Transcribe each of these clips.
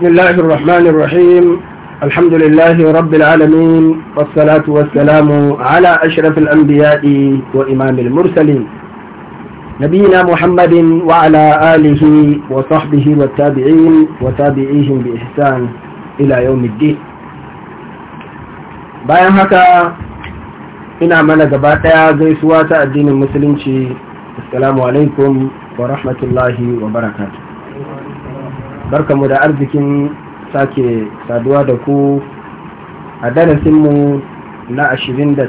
بسم الله الرحمن الرحيم الحمد لله رب العالمين والصلاة والسلام على أشرف الأنبياء وإمام المرسلين نبينا محمد وعلى آله وصحبه والتابعين وتابعيهم بإحسان إلى يوم الدين bayan haka ina mana gaba ɗaya gaisuwa ta addinin musulunci assalamu alaikum wa barka mu da arzikin sake saduwa da ku a darasinmu na 28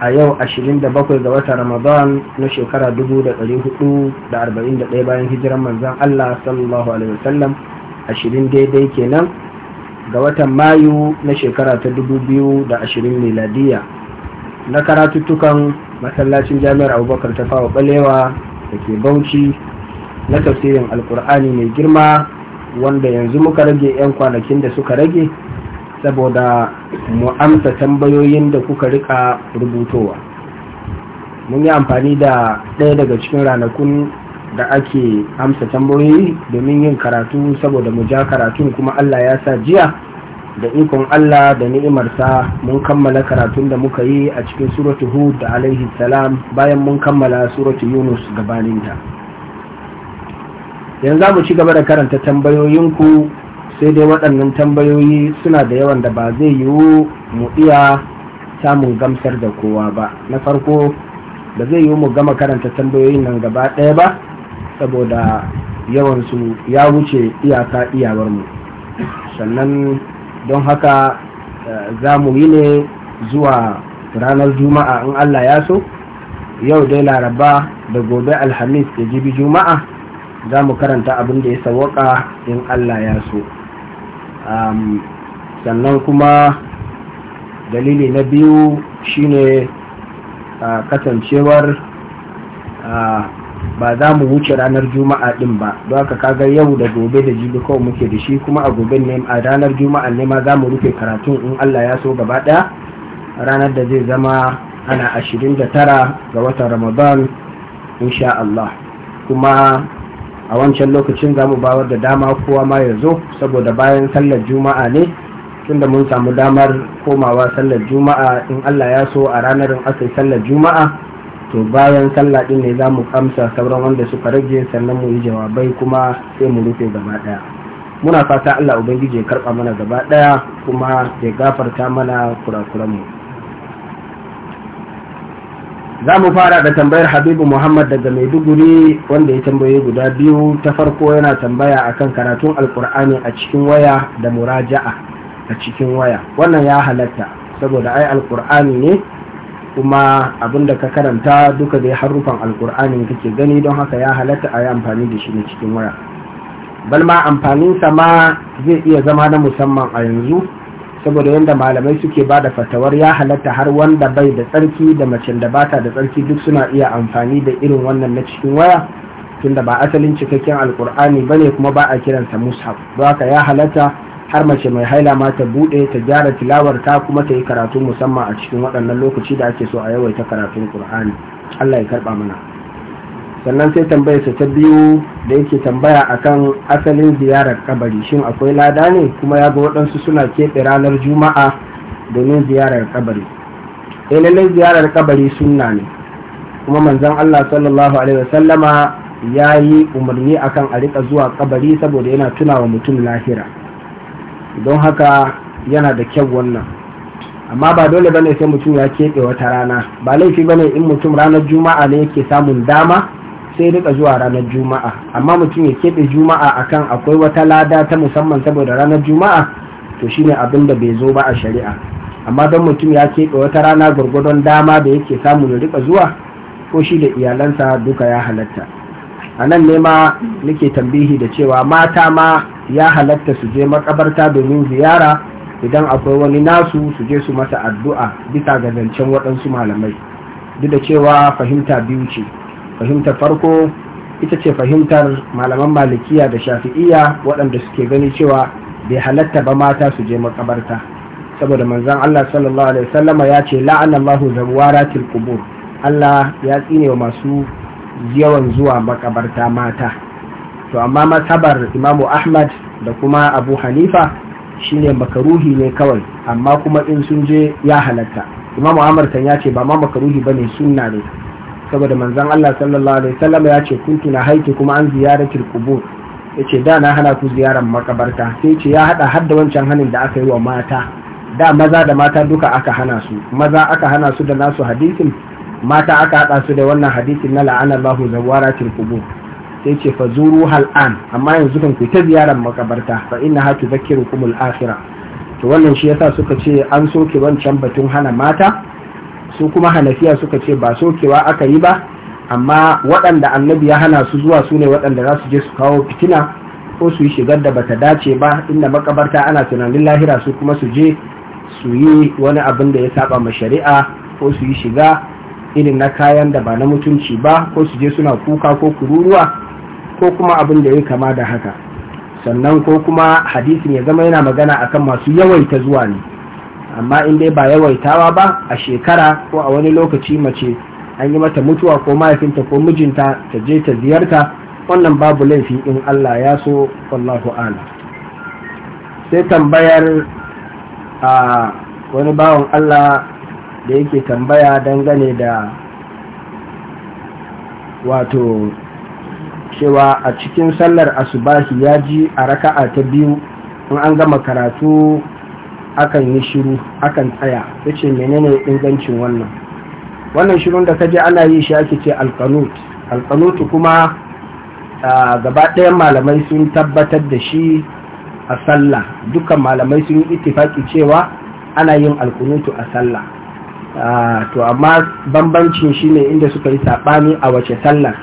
a yau 27 ga wata ramadan na shekara 441 bayan hijiran manzan Allah sallallahu alaihi wasallam 20 daidai kenan ga watan mayu na shekara ta da 2020 miladiya na karatuttukan masallacin jami'ar abubakar ta fawa balewa da ke bauchi na tafsirin alkur'ani mai girma wanda yanzu muka rage 'yan kwanakin da suka rage saboda mu amsa tambayoyin da kuka rika rubutowa mun yi amfani da ɗaya daga cikin ranakun da ake amsa tambayoyi domin yin karatu saboda mu ja karatun kuma allah ya sa jiya da ikon allah da ni'imarsa mun kammala karatun da muka yi a cikin suratu hud da alaihi salam bayan mun kammala suratu yunus gabaninta yanzu za mu ci gaba da karanta tambayoyinku sai dai waɗannan tambayoyi suna da yawan da ba zai yiwu mu iya samun gamsar da kowa ba na farko ba zai yiwu mu gama karanta tambayoyin nan gaba ɗaya ba saboda yawansu ya wuce iyaka iyawarmu sannan don haka eh, za mu yi ne zuwa ranar juma'a in allah ya so yau dai laraba da gobe alhamis da jibi juma'a za mu karanta abin da ya sawaka in Allah ya so sannan kuma dalili na biyu shine kasancewar ba za mu wuce ranar juma'a din ba don aka kaga yau da gobe da jibi kawai muke da shi kuma a gobe ne a ranar juma'a ne ma za mu rufe karatun in Allah ya so gaba ɗaya ranar da zai zama ana ashirin da tara ga watan ramadan insha Allah kuma a wancan lokacin za mu bawar da dama kowa ma ya zo saboda bayan sallar juma'a ne tunda mun samu damar komawa sallar juma'a in allah ya so a ranar aka sallar juma'a to bayan sallah din ne za mu amsa sauran wanda suka rage sannan mu yi jawabai kuma sai mu rufe gaba daya muna fata allah ubangiji ya karba mana gaba daya kuma ya gafarta mana kurakuranmu za mu fara da tambayar habibu muhammad daga maiduguri wanda ya tambaye guda biyu ta farko yana tambaya akan karatun alkur'ani a cikin waya da muraja'a a cikin waya wannan ya halatta saboda ai alkur'ani ne kuma abinda ka karanta duka dai harufan alkur'ani kake gani don haka ya halatta a yi amfani da shi ne cikin waya balma amfanin sama zai iya zama na musamman a yanzu saboda yadda malamai suke ba da fatawar ya halatta har wanda bai da tsarki da macen da bata da tsarki duk suna iya amfani da irin wannan na cikin waya tunda ba asalin cikakken alkur'ani ba ne kuma ba a kiransa mushaf don haka ya halatta har mace mai haila ma ta bude ta gyara tilawar ta kuma ta yi karatu musamman a cikin waɗannan lokaci da ake so a yawaita karatun qur'ani allah ya karɓa mana sannan sai tambayarsa ta biyu da yake tambaya akan asalin ziyarar kabari shin akwai lada ne kuma ya ga waɗansu suna keɓe ranar juma'a domin ziyarar kabari eh lallai ziyarar kabari sunna ne kuma manzon Allah sallallahu alaihi wasallama ya yi umarni akan a rika zuwa kabari saboda yana tuna wa mutum lahira don haka yana da kyau wannan amma ba dole bane sai mutum ya keɓe wata rana ba laifi bane in mutum ranar juma'a ne yake samun dama sai rika zuwa ranar juma'a amma mutum ya keɓe juma'a akan akwai wata lada ta musamman saboda ranar juma'a to shine abin da bai zo ba a shari'a amma don mutum ya keɓe wata rana gwargwadon dama da yake samu ya rika zuwa ko shi da iyalansa duka ya halatta a nan ne ma nake tambihi da cewa mata ma ya halatta su je makabarta domin ziyara idan akwai wani nasu su je su masa addu'a bisa ga zancen waɗansu malamai duk da cewa fahimta biyu ce fahimtar farko ita ce fahimtar malaman malikiya da shafi'iya waɗanda suke gani cewa bai halatta ba mata su je makabarta saboda manzan Allah sallallahu alaihi wasallama ya ce la'ana Allahu zawaratil qubur Allah ya tsine wa masu yawan zuwa makabarta mata to amma masabar Imamu Ahmad da kuma Abu Hanifa shine makaruhi ne kawai amma kuma in sun je ya halatta Imamu Ahmad kan ya ce ba ma makaruhi bane sunna ne saboda manzan Allah sallallahu alaihi wasallam ya ce kuntu na haiki kuma an kubur Ya ce, da na hana ku ziyarar makabarta sai ce ya hada hadda wancan hanin da aka yi wa mata da maza da mata duka aka hana su maza aka hana su da nasu hadisin mata aka hada su da wannan hadisin na la'ana Allahu zawaratil kubur sai ce fa zuru hal amma yanzu kan ku ta ziyarar makabarta fa innaha tudhakkirukum al akhirah to wannan shi yasa suka ce an soke wancan batun hana mata su kuma hanafiya suka ce ba sokewa aka yi ba amma waɗanda annabi ya hana su zuwa su ne waɗanda za su je su kawo fitina ko su yi shigar da bata dace ba inda makabarta ana tunanin lahira su kuma su je su yi wani abin da ya saba ma shari'a ko su yi shiga irin na kayan da ba na mutunci ba ko su je suna kuka ko kururuwa ko kuma abin da ya kama da haka sannan ko kuma hadisin ya zama yana magana akan masu yawaita zuwa ne amma in dai ba yawaitawa ba a shekara ko a wani lokaci mace an yi mata mutuwa ko mahaifinta ko mijinta ta je ta ziyarta wannan babu laifi in Allah ya so wallahu ala sai tambayar a wani bawan Allah da yake tambaya dangane da wato cewa a cikin sallar asubahi ya ji a raka'a ta biyu in an gama karatu akan yi shiru akan tsaya ya ce menene ingancin wannan wannan shirun da kaje ana yi shi ake ce alkanut alkanutu kuma gaba ɗayan malamai sun tabbatar da shi a sallah dukkan malamai sun yi cewa ana yin alkanutu a sallah to amma bambancin shi ne inda suka yi saɓani a wace sallar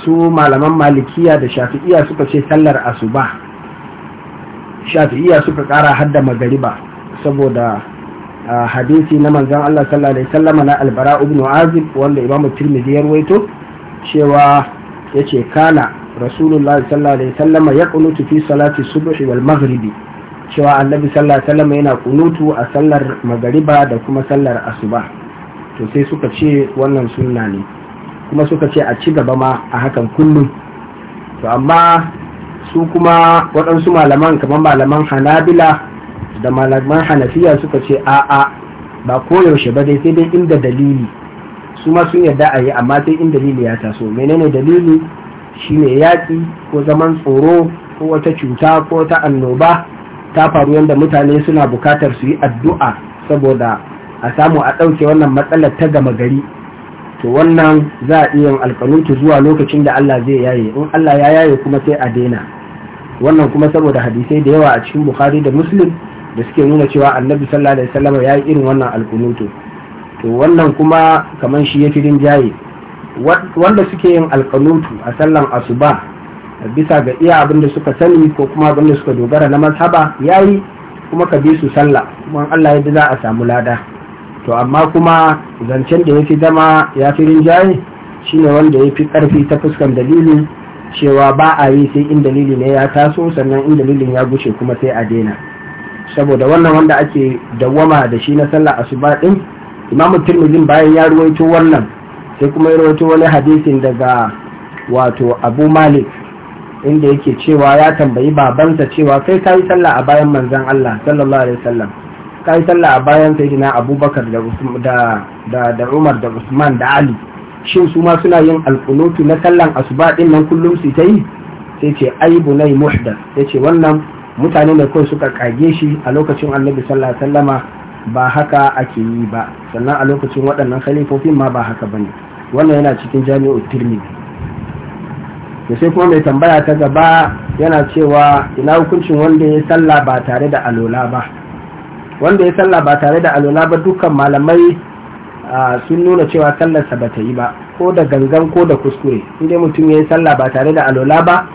su malaman malikiya da shafi'iya suka ce sallar asuba shafi'iya suka kara hadda magariba saboda hadisi na manzan Allah sallallahu alaihi sallama na albara ibn azib wanda imam tirmidhi ya ruwaito cewa yace kana rasulullahi sallallahu alaihi sallama ya kunutu fi salati subhi wal maghribi cewa annabi sallallahu alaihi sallama yana kunutu a sallar magariba da kuma sallar asuba to sai suka ce wannan sunna ne kuma suka ce a ci gaba ma a hakan kullum to amma su kuma waɗansu malaman kamar malaman hanabila da malaman hanafiya suka ce a'a ba koyaushe ba dai sai dai inda dalili su ma sun yarda a yi amma sai in dalili ya taso menene dalili shine yaƙi ko zaman tsoro ko wata cuta ko ta annoba ta faru yadda mutane suna bukatar su yi addu'a saboda a samu a ɗauke wannan matsalar ta gama gari to wannan za a iya alƙalutu zuwa lokacin da Allah zai yaye in Allah ya yaye kuma sai a daina wannan kuma saboda hadisai da yawa a cikin bukhari da muslim da suke nuna cewa annabi sallallahu alaihi wasallam ya yi irin wannan alkunutu to wannan kuma kamar shi ya fi jaye wanda suke yin alkanutu a sallan asuba bisa ga iya abin da suka sani ko kuma abin da suka dogara na mazhaba yayi kuma ka bi su sallah kuma Allah ya za a samu lada to amma kuma zancen da ya fi zama ya fi rinjaye shine wanda ya fi karfi ta fuskan dalilin cewa ba a yi sai in dalili ne ya taso sannan in dalilin ya guce kuma sai a daina saboda wannan wanda ake dawwama da shi na sallah asuba din imam tirmidhin bayan ya ruwaito wannan sai kuma ya ruwaito wani hadisin daga wato abu malik inda yake cewa ya tambayi babansa cewa kai ka yi sallah a bayan manzon allah sallallahu alaihi wasallam kai sallah a bayan sayyidina abubakar da da da umar da usman da ali shin su ma suna yin alkunutu na sallan asuba din nan kullum su ta yi sai ce aibu nai ya ce, wannan mutane ne kawai suka kage shi a lokacin annabi sallallahu alaihi wasallama ba haka ake yi ba sannan a lokacin waɗannan khalifofin ma ba haka bane wannan yana cikin jami'ul tirmidhi da sai kuma mai tambaya ta gaba yana cewa ina hukuncin wanda ya salla ba tare da alola ba wanda ya salla ba tare da alola ba dukkan malamai sun nuna cewa sallarsa ba ta yi ba ko da gangan ko da kuskure inda mutum ya yi sallah ba tare da alola ba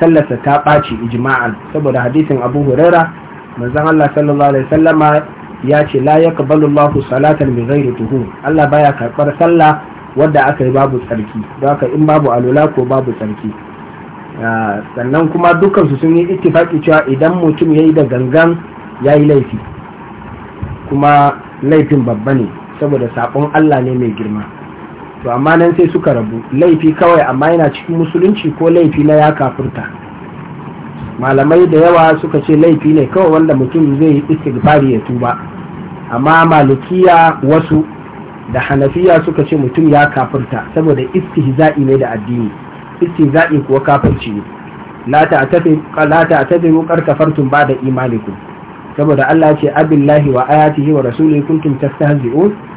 sallarsa ta ɓaci ijma'an saboda hadisin abu huraira manzon allah sallallahu alaihi sallama ya ce la ya yaqbalu allahu salatan bi ghairi tuhur allah baya karɓar sallah wadda aka yi babu tsarki ka in babu alola ko babu tsarki sannan kuma dukansu sun yi ittifaki cewa idan mutum ya yi da gangan ya yi laifi kuma laifin babba ne saboda sabon Allah ne mai girma to amma nan sai suka rabu laifi kawai amma yana cikin musulunci ko laifi na ya kafurta malamai da yawa suka ce laifi ne kawai wanda mutum zai yi istighfari ya tuba amma malikiya wasu da hanafiya suka ce mutum ya kafurta saboda istihza'i ne da addini istihza'i kuwa kafurci ne la wukar qad ba ba'da imanikum saboda Allah ce abillahi wa ayatihi wa rasulihi kuntum tastahzi'un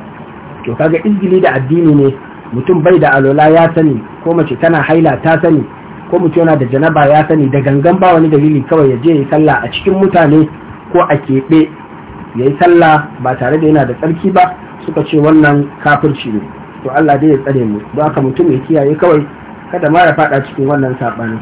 to kaga injili da addini ne mutum bai da alola ya sani ko mace tana haila ta sani ko mutum yana da janaba ya sani da gangan ba wani dalili kawai ya je ya salla a cikin mutane ko a keɓe ya yi sallah ba tare da yana da tsarki ba suka ce wannan kafirci ne to Allah dai ya tsare mu don haka mutum ya kiyaye kawai kada mara faɗa cikin wannan saɓani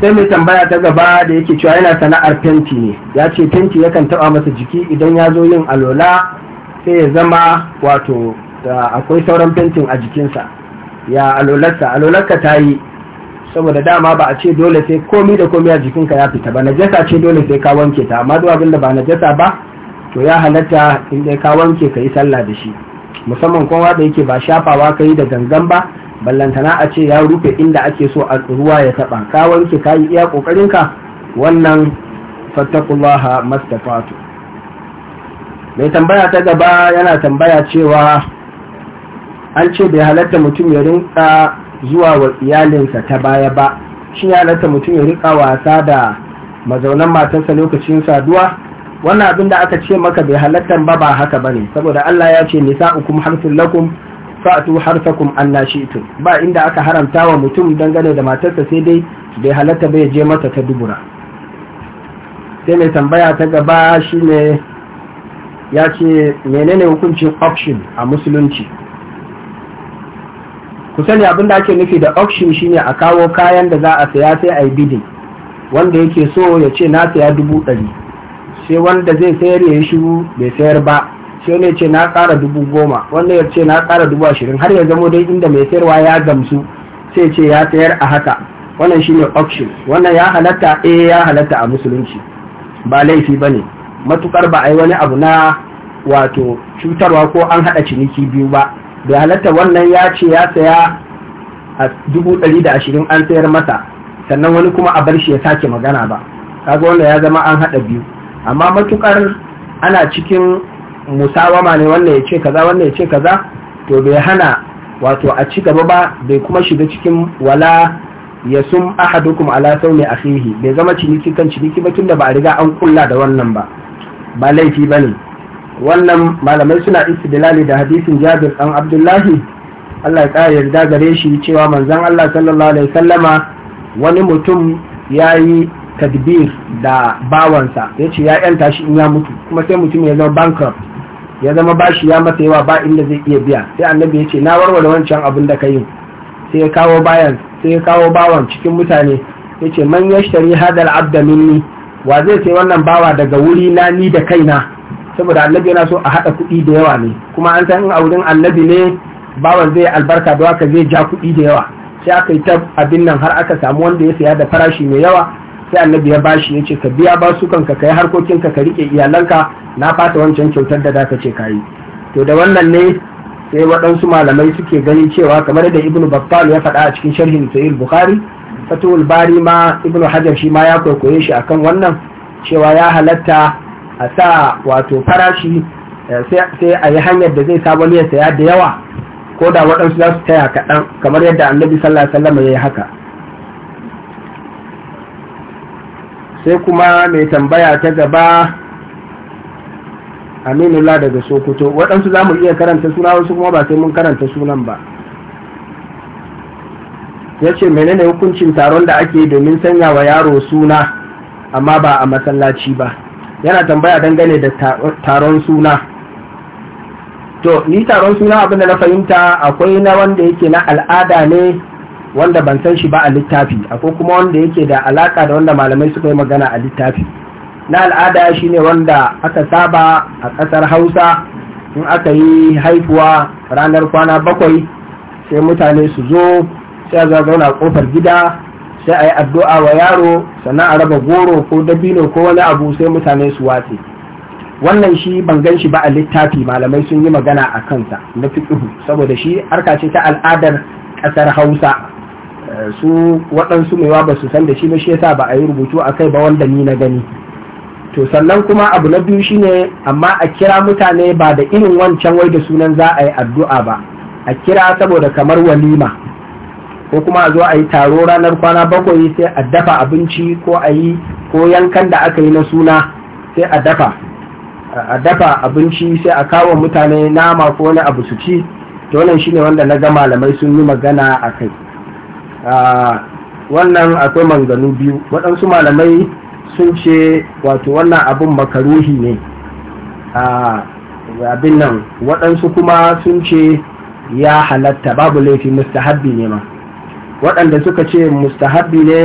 sai mai tambaya ta gaba da yake cewa yana sana'ar fenti ne ya ce fenti yakan taɓa masa jiki idan ya zo yin alola sai ya zama wato da akwai sauran fentin a jikinsa ya alolarsa alolarka ta yi saboda dama ba a ce dole sai komi da komi a jikinka ya fita ba najasa ce dole sai ka wanke ta amma zuwa abinda da ba najasa ba to ya halatta inda ka wanke ka yi sallah da shi musamman kowa da yake ba shafawa ka yi da gangan ba ballantana a ce ya rufe inda ake so a ruwa ya taba ka wanke ka yi iya kokarinka wannan fattakullaha mastafatu mai tambaya ta gaba yana tambaya cewa an ce bai halatta mutum ya rinka zuwa wa iyalinsa ta baya ba shi ya halatta mutum ya rinka wasa da mazaunan matarsa lokacin saduwa wannan abin da aka ce maka bai halatta ba ba haka ba ne, saboda Allah ya ce ukum harsun lakum fa'atu harsakum shi shi'tum ba inda aka haramta wa mutum dangane da matarsa sai dai bai halatta bai je mata ta dubura sai mai tambaya ta gaba shine ya ce menene hukuncin auction a musulunci ku sani abin da ake nufi da auction shine a kawo kayan da za a saya sai a yi bidin, wanda yake so ya ce na saya dubu ɗari sai wanda zai sayar ya yi shiru bai sayar ba sai wani ya ce na ƙara dubu goma wanda ya ce na ƙara dubu ashirin har ya zamo dai inda mai sayarwa ya gamsu sai ce ya sayar a haka wannan shine auction wannan ya halatta eh ya halatta a musulunci ba laifi ba ne matukar ba a yi wani abu na wato cutarwa ko an haɗa ciniki biyu ba da halatta wannan ya ce ya saya a dubu ɗari da ashirin an sayar masa sannan wani kuma a bar shi ya sake magana ba kaga wanda ya zama an haɗa biyu amma matukar ana cikin musawama ne wannan ya ce kaza wannan ya ce kaza to bai hana wato a ci gaba ba bai kuma shiga cikin wala ya sum ahadukum ala sauni akhihi bai zama ciniki kan ciniki ba tunda ba a riga an kulla da wannan ba ba laifi ba ne wannan malamai suna istidlali da hadisin jabir ɗan abdullahi allah ya ƙara yarda gare shi cewa manzon allah sallallahu alaihi sallama wani mutum ya yi tadbir da bawansa ya ce ya yanta shi in ya mutu kuma sai mutum ya zama bankrupt ya zama bashi ya masa yawa ba inda zai iya biya sai annabi ya ce na warware wancan abin da ka yi sai ya kawo bayan sai ya kawo bawan cikin mutane ya ce man yashtari hadal abda minni wa zai sai wannan bawa daga wuri na ni da kaina saboda annabi yana so a haɗa kuɗi da yawa ne kuma an san in a wurin annabi ne bawan zai albarka da waka zai ja kuɗi da yawa sai aka yi ta abin nan har aka samu wanda ya saya da farashi mai yawa sai annabi ya bashi ya ce ka biya ba basukan ka kai harkokin ka ka rike iyalanka na fata wancan kyautar da zaka ce kayi to da wannan ne sai waɗansu malamai suke gani cewa kamar da ibnu battal ya faɗa a cikin sharhin sahih bukhari fatul bari ma ibnu hajar shi ma ya kwaikwaye shi akan wannan cewa ya halatta a sa wato farashi eh, sai a yi hanyar da zai sabon ya saya da yawa ko da waɗansu za su taya kaɗan kamar yadda annabi sallallahu alaihi wasallam ya yi haka sai kuma mai tambaya ta gaba aminullah daga sokoto waɗansu za mu iya karanta suna wasu kuma ba sai mun karanta sunan ba ya ce menene hukuncin taron da ake domin sanya wa yaro suna amma ba a masallaci ba yana tambaya dangane da taron suna to ni taron suna abinda na fahimta akwai na wanda yake na al'ada ne wanda ban san shi ba a littafi akwai kuma wanda yake da alaka da wanda malamai suka yi magana a littafi na al'ada shi ne wanda aka saba a ƙasar hausa in aka yi haifuwa ranar kwana bakwai sai mutane su zo sai a zauna a kofar gida sai a yi addu'a wa yaro sannan a raba goro ko dabino ko wani abu sai mutane su watse wannan shi ban gan shi ba a littafi malamai sun yi magana a kansa na fiƙihu saboda shi harka ce ta al'adar ƙasar hausa eh, su waɗansu maiwa ba su san da shi ba shi yasa ba a yi rubutu a kai ba wanda ni na gani to sannan kuma abu na biyu shine amma a kira mutane ba da irin wancan wai da sunan za a yi addu'a ba a kira saboda kamar walima ko kuma a zo a yi taro ranar kwana bakwai sai a dafa abinci ko a yi ko yankan da aka yi na suna sai a dafa a dafa abinci sai a kawo mutane nama ko wani abu su ci to wannan shine wanda na ga malamai sun yi magana a kai wannan akwai manganu biyu waɗansu malamai sun ce wato wannan abin makaruhi ne abin nan waɗansu kuma sun ce ya halatta babu laifi mustahabbi ne ma waɗanda suka ce mustahabbi ne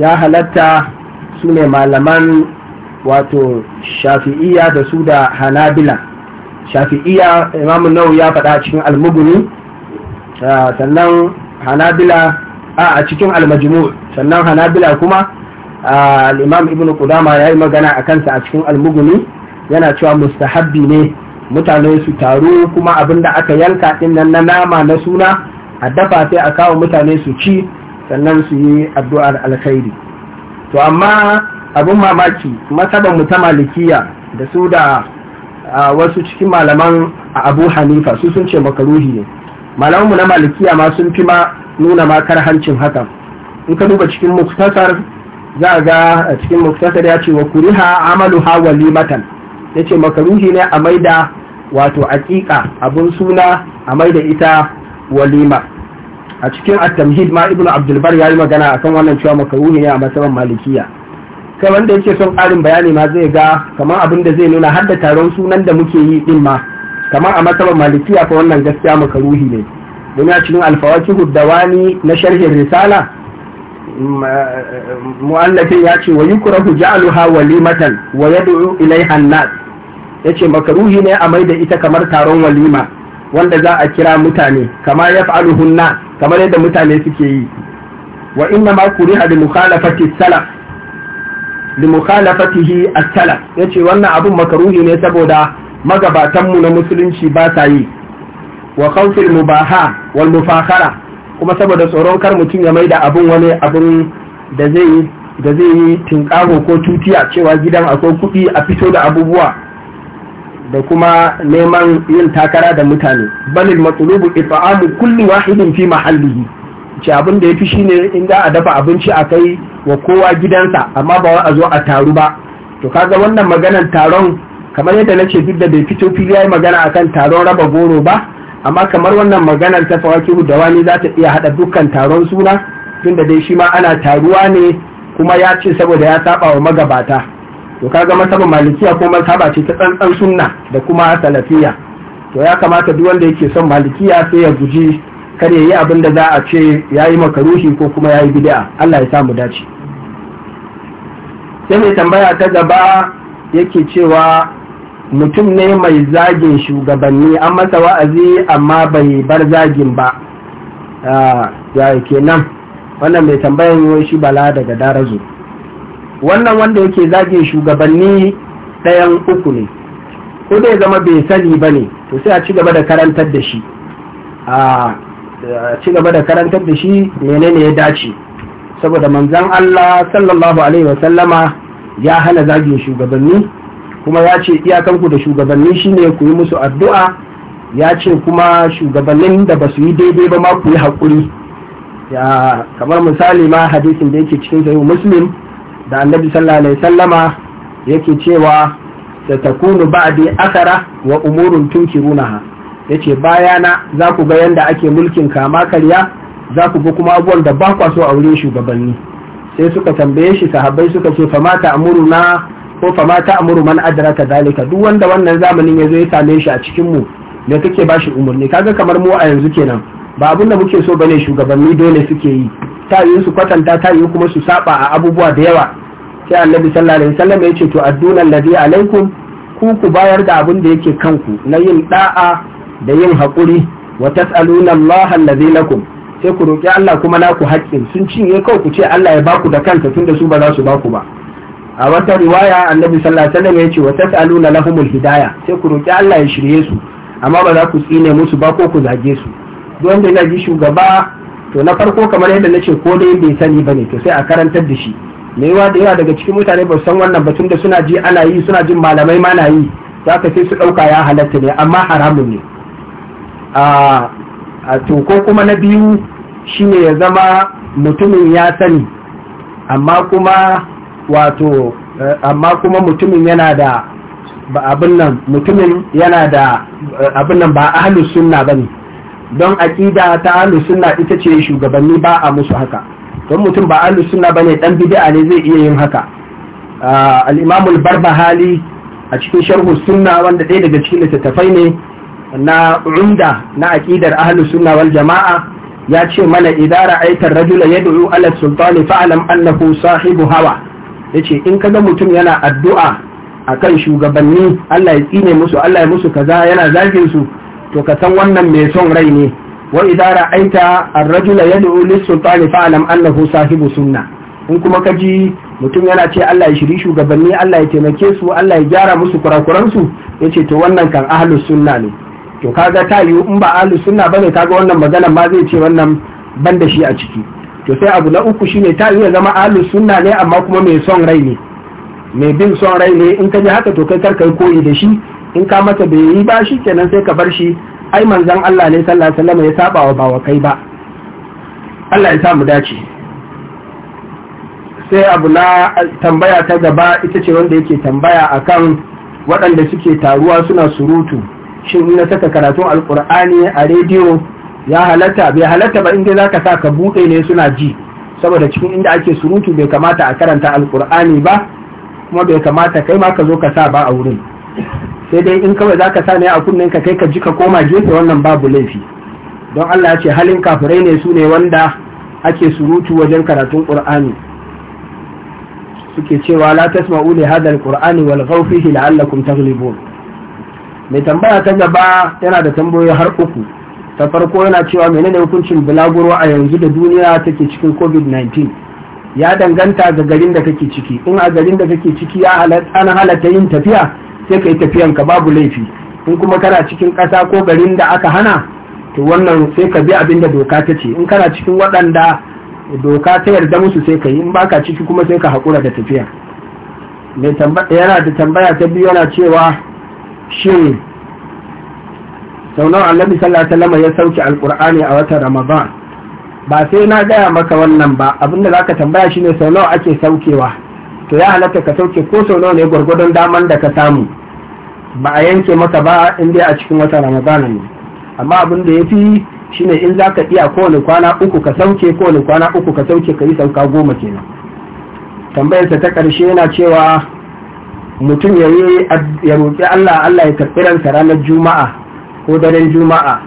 ya halatta su ne malaman wato shafi'iya da su da hanabila shafi'iya imamu nau ya faɗa cikin almuguni sannan hanabila a cikin almajimu sannan hanabila kuma al'imam ibn kudama ya yi magana a kansa a cikin almuguni yana cewa mustahabbi ne mutane su taru kuma abinda aka yanka ɗin nan na nama na suna a dafa sai a kawo mutane su ci sannan su yi addu'ar alkhairi to amma abin mamaki masaban mu ta malikiya da su da wasu cikin malaman a abu hanifa su sun ce makaruhi ne mu na malikiya ma sun fi ma nuna ma karhancin hakan in ka duba cikin muktasar za a ga cikin muktasar ya ce wa kuriha amalu ha walimatan ya ce makaruhi ne a maida wato aƙiƙa abun suna a maida ita walima a cikin at-tamhid ma ibnu abdul bar yayi magana akan wannan cewa makaruhi ne a masaban malikiya kai wanda yake son karin bayani ma zai ga kamar abin da zai nuna har da taron sunan da muke yi din ma kamar a masaban malikiya fa wannan gaskiya makaruhi ne domin a cikin alfawakihu dawani na sharhin risala mm, eh, eh, mu'allafin ya ce wa yukrahu ja'aluha walimatan wa yad'u ilaiha an-nas yace makaruhi ne a maida ita kamar taron walima wanda za a kira mutane kama yaf'aluhun hunna kamar yadda mutane suke yi wa inna ma kuri a mukhalafati salaf bi mukhalafatihi as-salaf yace wannan abun makaruhi ne saboda magabatanmu na musulunci ba sa yi wa khawfil mubaha wal mufakhara kuma saboda tsoron kar mutum ya maida abun wani abun da zai da zai yi tinkaho ko tutiya cewa gidan akwai kuɗi a fito da abubuwa da kuma neman yin takara da mutane balil matsulubu amu kulli wahidin fi mahallihi ce abin da ya fi shine in za a dafa abinci a kai wa kowa gidansa amma ba wa a zo a taru ba to kaga wannan maganar taron kamar yadda na ce duk da bai fito fili ya yi magana a kan taron raba goro ba amma kamar wannan maganar ta fawaki da wani za ta iya haɗa dukkan taron suna tunda dai shi ma ana taruwa ne kuma ya ce saboda ya saba wa magabata to kaga mazhaban malikiya ko masaba ce ta tsantsan sunna da kuma salafiya to ya kamata duk wanda yake son malikiya sai ya guji kar ya yi abin da za a ce ya yi makaruhi ko kuma ya yi bid'a Allah ya samu dace sai mai tambaya ta gaba yake cewa mutum ne mai zagin shugabanni an masa wa'azi amma bai bar zagin ba ah, ya kenan wannan mai tambayan yi shi bala daga darazu wannan wanda yake zagi shugabanni ɗayan uku ne ko da zama bai sani ba ne to sai a ci gaba da karantar da shi a ci gaba da karantar da shi menene ya dace saboda manzan Allah sallallahu alaihi wasallama ya hana zage shugabanni kuma ya ce iyakanku da shugabanni shine ku yi musu addu'a ya ce kuma shugabannin da ba su yi daidai ba ma ku yi haƙuri kamar misali ma hadisin da yake cikin sahihu muslim da annabi sallallahu alaihi sallama yake cewa da takunu ba'di akara wa umurun tunkirunaha yace bayana za ku ga yanda ake mulkin kama karya za ku ga kuma abuwan da ba kwa so aure shugabanni sai suka tambaye shi sahabbai suka ce fa mata amuruna ko fa mata amuru man adraka dalika duk wanda wannan zamanin ya zo ya same shi a cikin mu me kake ba shi umarni kaga kamar mu a yanzu kenan ba abin da muke so bane shugabanni dole suke yi ta yi su kwatanta ta yi kuma su saba a abubuwa da yawa sai annabi sallallahu alaihi wasallam ya ce to adduna alladhi alaikum ku ku bayar da abin da yake kanku na yin da'a da yin haƙuri wa tas'aluna Allah alladhi lakum sai ku roki Allah kuma naku haƙƙin sun cinye kawai ku ce Allah ya baku da kanka tunda su ba za su baku ba a wata riwaya annabi sallallahu alaihi wasallam ya ce wa tas'aluna lahumul hidaya sai ku roki Allah ya shirye su amma ba za ku tsine musu ba ko ku zage su don da ji shugaba to na farko kamar yadda na ce ko dai bai sani ba ne to sai a karantar da shi me yawa da yawa daga cikin mutane ba san wannan batun da suna ji ana yi suna jin malamai ma na yi to aka sai su ɗauka ya halatta ne amma haramun ne a to ko kuma na biyu shine ya zama mutumin ya sani amma kuma wato eh, amma kuma mutumin yana da abin nan mutumin yana da eh, abin nan ba ahlus sunna bane don aƙida ta ahlus sunna ita ce shugabanni ba a musu haka don mutum ba ahlus sunna bane dan bid'a ne zai iya yin haka al ah, barba hali barbahali a cikin sharhu sunna wanda ɗaya daga cikin littattafai ne na umda na aƙidar ahlus sunna wal jama'a ya ce mana idara aitar rajula yad'u ala sultani fa'lam annahu sahibu hawa yace in kaga mutum yana addu'a akan shugabanni Allah ya tsine musu Allah ya musu kaza yana zagin su to ka san wannan mai son rai ne wa idara aita ar-rajula yad'u lis-sultani fa'lam annahu sahibu sunna in kuma ka ji mutum yana ce Allah ya shiri shugabanni Allah ya taimake su Allah ya gyara musu kurakuran su yace to wannan kan ahlus sunna ne to kaga ta yi in ba ahlus sunna bane kaga wannan magana ma zai ce wannan ban da shi a ciki to sai abu na uku shine ta yi zama ahlus sunna ne amma kuma mai son rai ne mai bin son rai ne in ka ji haka to kai kar yi koyi da shi in ka mata bai yi ba shi kenan sai ka bar shi ai manzan Allah ne sallallahu alaihi wasallam ya saba wa bawa kai ba Allah ya mu dace sai abu na tambaya ta gaba ita ce wanda yake tambaya akan waɗanda suke taruwa suna surutu shin ina saka karatun alkur'ani a rediyo ya halatta bai halatta ba inda zaka sa ka buɗe ne suna ji saboda cikin inda ake surutu bai kamata a karanta alkur'ani ba kuma bai kamata kai ma ka zo ka sa ba a wurin sai dai in kawai zaka sa ne a kunnen ka kai ka ji ka koma gefe wannan babu laifi don Allah ya ce halin kafirai ne su ne wanda ake surutu wajen karatun Qur'ani suke cewa la tasma'u li hadha al-Qur'ani wal ghawfihi la'allakum taghlibun mai tambaya ta gaba yana da tambayoyi har uku ta farko yana cewa menene hukuncin bulaguro a yanzu da duniya take cikin covid-19 ya danganta ga garin da kake ciki in a garin da kake ciki ya halatta yin tafiya sai ka yi tafiyan ka babu laifi in kuma kana cikin ƙasa ko garin da aka hana to wannan sai ka bi abin da doka ta ce in kana cikin waɗanda doka ta yarda musu sai ka yi in baka ciki kuma sai ka haƙura da tafiya yana da tambaya ta biyu yana cewa shin sau nawa annabi sallallahu alaihi wasallam ya sauke alqur'ani a watan ramadan ba sai na gaya maka wannan ba abinda zaka tambaya shine sau nawa ake saukewa to ya halatta ka sauke ko sau nawa ne gwargwadon daman da ka samu ba a yanke maka ba in dai a cikin watan ramadana ne amma abin da ya fi shine in za ka iya kowane kwana uku ka sauke kowane kwana uku ka sauke ka yi sauka goma kenan tambayarsa ta ƙarshe yana cewa mutum ya yi ya roƙi Allah Allah ya karɓi ransa ranar juma'a ko daren juma'a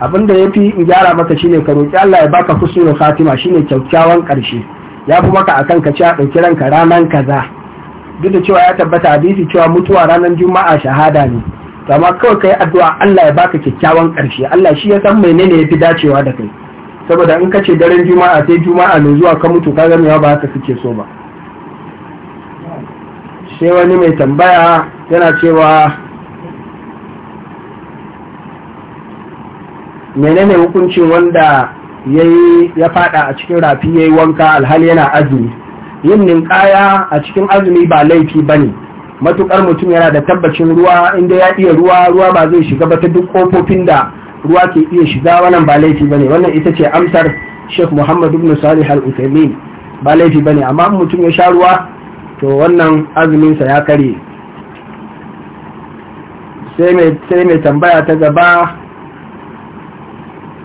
abin da ya fi in gyara maka shine ka roƙi Allah ya baka husnul khatima shine kyakkyawan ƙarshe ya fi maka akan ka ce a ɗauki ranka ranar kaza duk da cewa ya tabbata hadisi cewa mutuwa ranar juma'a shahada ne to amma kawai yi addu'a Allah ya baka kyakkyawan ƙarshe Allah shi ya san menene ya fi dacewa da kai saboda in ka ce daren juma'a sai juma'a mai zuwa ka mutu ka gamewa ba haka suke so ba sai wani mai tambaya yana cewa menene hukuncin wanda ya fada a cikin rafi ya yi wanka alhali yana azumi yin ninkaya a cikin azumi ba laifi ba ne matukar mutum yana da tabbacin ruwa inda ya iya ruwa ruwa ba zai shiga ba ta duk kofofin da ruwa ke iya shiga wannan ba laifi ba ne wannan ita ce amsar sheikh muhammadu ibn salih al uthaymin ba laifi ba ne amma mutum ya sha ruwa to wannan azuminsa ya kare sai mai tambaya ta gaba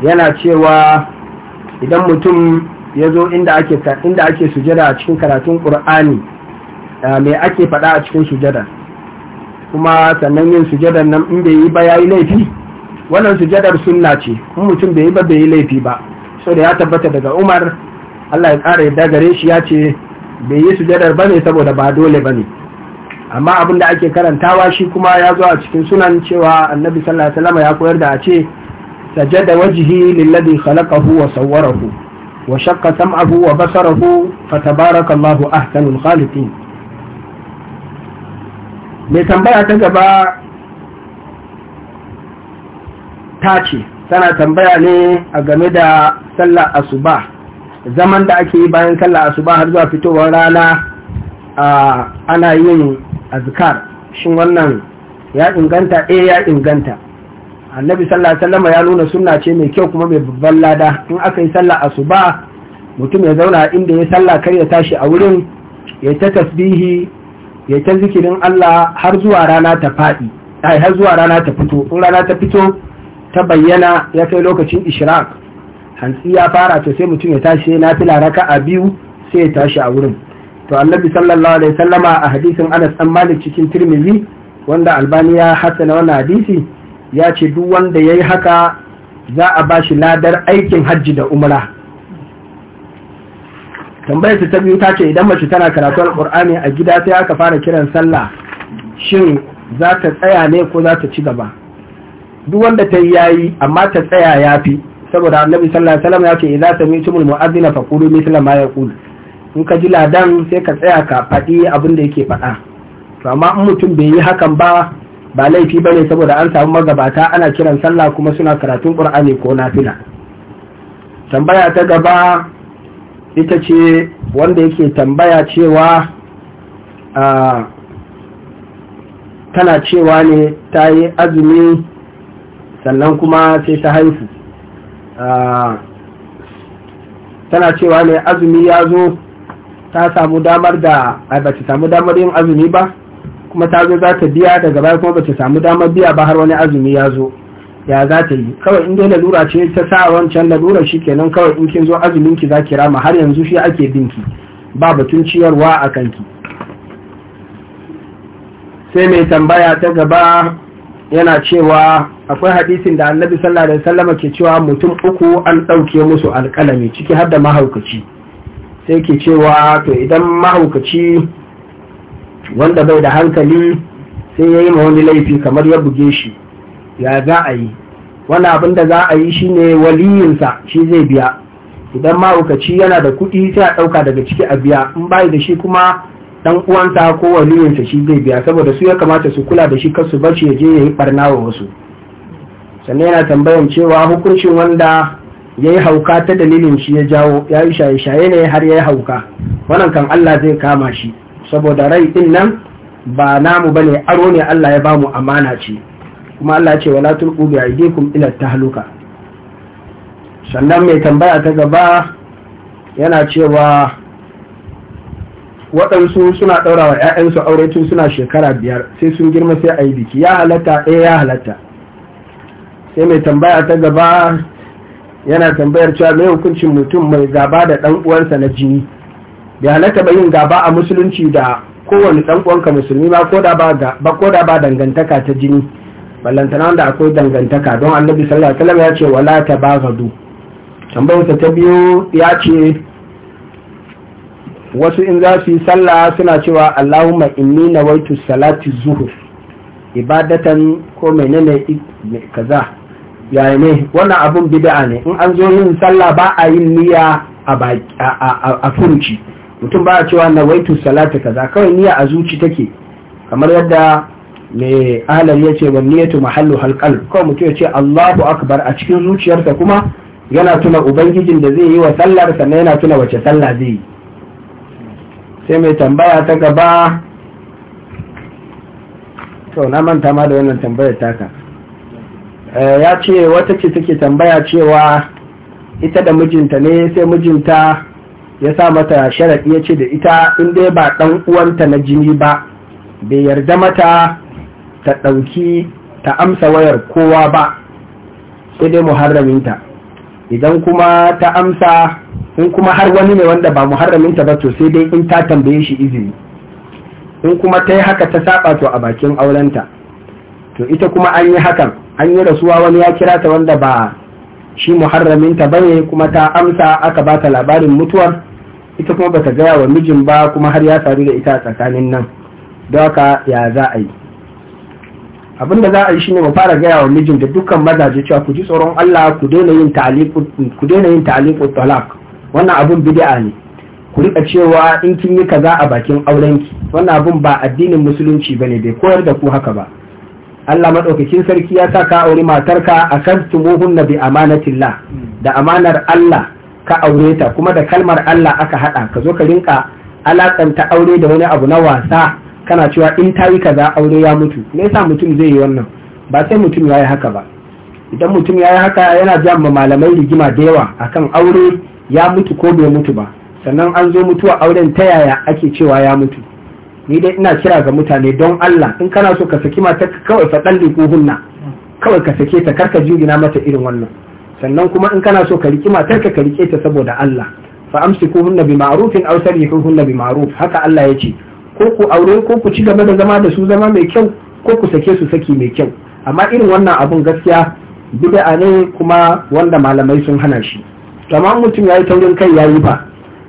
yana cewa idan mutum ya zo inda ake sujada a cikin karatun ƙur'ani mai ake faɗa a cikin sujada kuma sannan yin sujadar nan in yi ba ya yi laifi wannan sujadar sunna ce in mutum bai yi ba bai yi laifi ba so da ya tabbata daga Umar Allah ya ƙara yadda gare shi ya ce bai yi sujadar ba ne saboda ba dole ba ne amma abin da ake karantawa shi kuma ya zo a cikin sunan cewa annabi sallallahu alaihi wasallam ya koyar da a ce سجد وجهي للذي خلقه وصوره وشق سمعه وبصره فتبارك الله أحسن الخالقين mai tambaya ta gaba ta ce tana tambaya ne a game da sallar asuba zaman da ake yi bayan sallar asuba har zuwa fitowar rana ana yin azkar shin wannan ya inganta eh ya inganta annabi sallallahu alaihi wasallam ya nuna sunna ce mai kyau kuma mai babban lada in aka yi sallah asuba mutum ya zauna inda ya sallah kar ya tashi a wurin ya ta tasbihi ya ta zikirin Allah har zuwa rana ta fadi ai har zuwa rana ta fito in rana ta fito ta bayyana ya kai lokacin ishraq hantsi ya fara to sai mutum ya tashi na fila raka'a biyu sai ya tashi a wurin to annabi sallallahu alaihi wasallama a hadisin Anas dan Malik cikin Tirmidhi wanda Albani ya hasana wannan hadisi ya ce duk wanda ya yi haka za a ba shi ladar aikin hajji da umra tambayar ta biyu ta ce idan mace tana karatu alƙur'ani a gida sai aka fara kiran sallah shin za ta tsaya ne ko za ta ci gaba duk wanda ta yi yayi amma ta tsaya ya fi saboda annabi sallallahu alaihi wasallam ya ce idza sami'tumul mu'adhdhina faqulu mithla ma yaqul in ka ji ladan sai ka tsaya ka faɗi abin da yake faɗa to amma in mutum bai yi hakan ba ba laifi ba ne saboda an samu magabata ana kiran sallah kuma suna karatun qur'ani ko na fila. tambaya ta gaba ita ce wanda yake tambaya cewa tana cewa ne ta yi azumi sannan kuma sai ta haifu tana cewa ne azumi ya zo ta samu damar da ba ta samu damar yin azumi ba kuma ta zo za ta biya daga baya kuma bata samu damar biya ba har wani azumi ya zo ya za ta yi kawai in dai lalura ce ta sa wancan lalura shi kenan kawai in kin zo azumin ki za ki rama har yanzu shi ake binki ba batun ciyarwa a kanki sai mai tambaya ta gaba yana cewa akwai hadisin da annabi sallallahu alaihi wasallam ke cewa mutum uku an dauke musu alƙalami ciki har da mahaukaci sai ke cewa to idan mahaukaci wanda bai da hankali sai ya yi ma wani laifi kamar ya buge shi ya za a yi wani abin da za a yi shi ne waliyinsa shi zai biya idan ma'aukaci yana da kuɗi sai a ɗauka daga ciki a biya in bai da shi kuma ɗan uwansa ko waliyinsa shi zai biya saboda su ya kamata su kula da shi kar su bace ya je ya yi ɓarna wa wasu sannan yana tambayan cewa hukuncin wanda ya yi hauka ta dalilin shi ya jawo ya yi shaye-shaye ne har ya yi hauka wannan kan Allah zai kama shi saboda rai din nan ba namu bane aro ne Allah ya bamu amana ce kuma Allah ya ce wala tulqu bi aydikum ila tahluka sannan mai tambaya ta gaba yana cewa waɗansu suna ɗaura wa 'ya'yansu aure tun suna shekara biyar sai sun girma sai a yi biki ya halatta eh ya halatta sai mai tambaya ta gaba yana tambayar cewa mai hukuncin mutum mai gaba da ɗan uwansa na jini bai halatta ba yin gaba a musulunci da kowane ɗan musulmi ba ko da ba dangantaka ta jini ballantana wanda akwai dangantaka don annabi sallallahu alaihi wasallam ya ce wala tabaghadu tambayarsa ta biyu ya ce wasu in za su yi sallah suna cewa Allahumma inni nawaitu salati zuhur ibadatan ko menene kaza yaya ne wannan abun bid'a ne in an zo yin sallah ba a yin niyya a furuci mutum ba a cewa na waitu salata kaza kawai niyya a zuci take kamar yadda mai alal ya ce wani niyyatu mahallu halkal kawai mutum ya ce allahu akbar a cikin zuciyarsa kuma yana tuna ubangijin da zai yi wa sallar sannan yana tuna wace sallah zai yi sai mai tambaya ta gaba to na manta ma da wannan tambayar taka eh, ya ce wata ce take tambaya cewa ita da mijinta ne sai mijinta ya sa mata sharaɗi ya ce da ita in dai ba ɗan uwanta na jini ba bai yarda mata ta ɗauki ta amsa wayar kowa ba sai dai muharraminta idan kuma ta amsa in kuma har wani ne wanda ba muharraminta ba to sai dai in ta tambaye shi izini in kuma ta yi haka ta saba to a bakin aurenta to ita kuma an yi hakan an yi rasuwa wani ya kira ta wanda ba shi muharraminta ba ne kuma ta amsa aka ba ta labarin mutuwar ita kuma bata gaya wa mijin ba kuma har ya faru da ita a tsakanin nan don haka ya za a yi abin da za a yi shine mu fara gaya wa mijin da dukkan mazaje cewa ku ji tsoron Allah ku daina yin ta'aliqu ku daina yin talaq wannan abun bid'a ne ku rika cewa in kin yi kaza a bakin aurenki wannan abun ba addinin musulunci bane bai koyar da ku haka ba Allah madaukakin sarki ya sa ka auri matarka akantumuhunna bi amanatillah da amanar Allah ka aure ta kuma da kalmar Allah aka haɗa ka zo ka rinka alaƙanta aure da wani abu na wasa kana cewa in ta yi kaza aure ya mutu me yasa mutum zai yi wannan ba sai mutum ya yi haka ba idan mutum ya yi haka yana ji ma malamai rigima da yawa akan aure ya mutu ko bai mutu ba sannan an zo mutuwa auren ta yaya ake cewa ya mutu ni dai ina kira ga mutane don Allah in kana so ka saki mata kawai faɗan hunna kawai ka sake ta karka jingina mata irin wannan sannan kuma in kana so ka riƙe matar ka riƙe ta saboda Allah fa hunna bi ma'rufin aw hunna bi ma'ruf haka Allah ya ce ko ku aure ko ku ci gaba da zama da su zama mai kyau ko ku sake su saki mai kyau amma irin wannan abun gaskiya bid'a ne kuma wanda malamai sun hana shi amma mutum yayi taurin kai yayi ba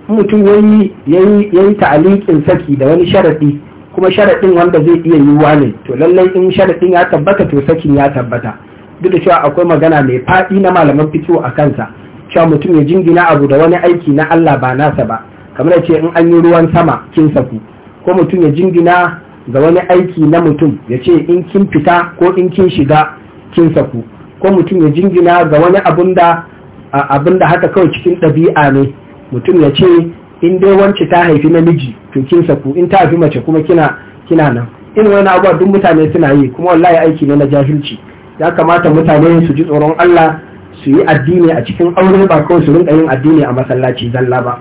mutum yayi yayi yayi ta'aliqin saki da wani sharadi kuma sharadin wanda zai iya yiwuwa ne to lallai in sharadin ya tabbata to sakin ya tabbata duk da cewa akwai magana mai faɗi na malaman fito a kansa cewa mutum ya jingina abu da wani aiki na Allah ba nasa ba kamar ce in an yi ruwan sama kin saku ko mutum ya jingina ga wani aiki na mutum ya ce in kin fita ko in kin shiga kin saku ko mutum ya jingina ga wani abun da haka kawai cikin ɗabi'a ne mutum ya ce in dai wance ta haifi namiji to kin saku in ta haifi mace kuma kina kina nan In wani abuwa duk mutane suna yi kuma wallahi aiki ne na jahilci ya kamata mutane su ji tsoron Allah su yi addini a cikin aure ba kawai su rinka yin addini a masallaci zalla ba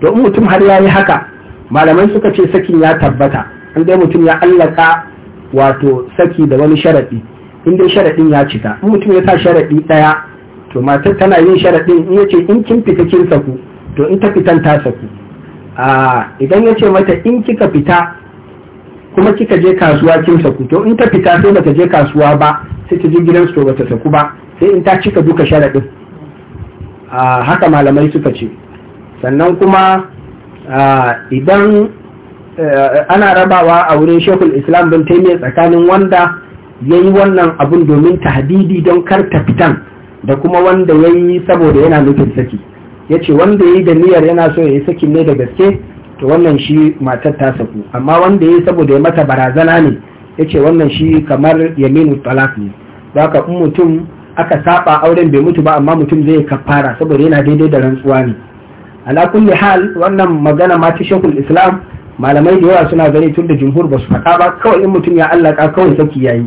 to mutum har ya yi haka malamai suka ce sakin ya tabbata in dai mutum ya allaka wato saki da wani sharaɗi in dai sharaɗin ya cika in mutum ya sa sharaɗi ɗaya to matar tana yin sharaɗin in ya ce in kin fita kin saku to in ta fitan ta saku ah, idan ya mata in kika fita kuma kika je kasuwa kin saku to in ta fita sai bata je kasuwa ba sai ta ji gidan su to bata saku ba sai in ta cika duka a haka malamai suka ce sannan kuma idan ana rabawa a wurin shekul islam bin mai tsakanin wanda ya yi wannan abun domin tahdidi don kar ta fitan da kuma wanda ya yi saboda yana nufin saki ya ce wanda ya yi da niyyar yana so ya yi sakin ne da gaske to wannan shi matar ta saku amma wanda ya saboda ya mata barazana ne ya ce wannan shi kamar yaminu talak ne za ka in mutum aka saba auren bai mutu ba amma mutum zai kafara saboda yana daidai da rantsuwa ne ala kulli hal wannan magana ma ta shekul islam malamai da yawa suna gani tun da jumhur ba su faɗa ba kawai in mutum ya allaka kawai saki ya yi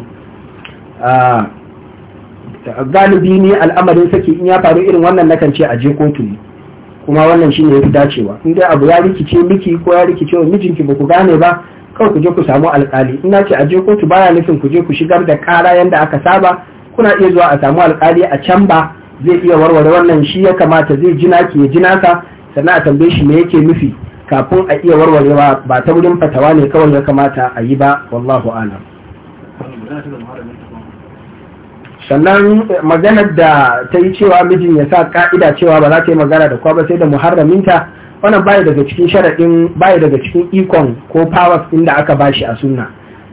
galibi ne al'amarin saki in ya faru irin wannan nakan ce a je kotu ne kuma wannan shine yafi dacewa in dai abu ya rikice miki ko ya rikice wa mijinki ba ku gane ba kawai ku je ku samu alkali in na ce a je kotu baya nufin ku je ku shigar da kara yanda aka saba kuna iya zuwa a samu alkali a can ba zai iya warware wannan shi ya kamata zai jina ki ya jina ka sannan a tambaye shi me yake nufi kafin a iya warwarewa ba ta wurin fatawa ne kawai ya kamata a yi ba wallahu alam sannan eh, maganar da ta yi cewa mijin ya sa ka'ida cewa ba za ta yi magana da kwaba sai da muharraminta wannan baya daga cikin sharaɗin baya daga cikin ikon ko powers inda aka bashi a suna.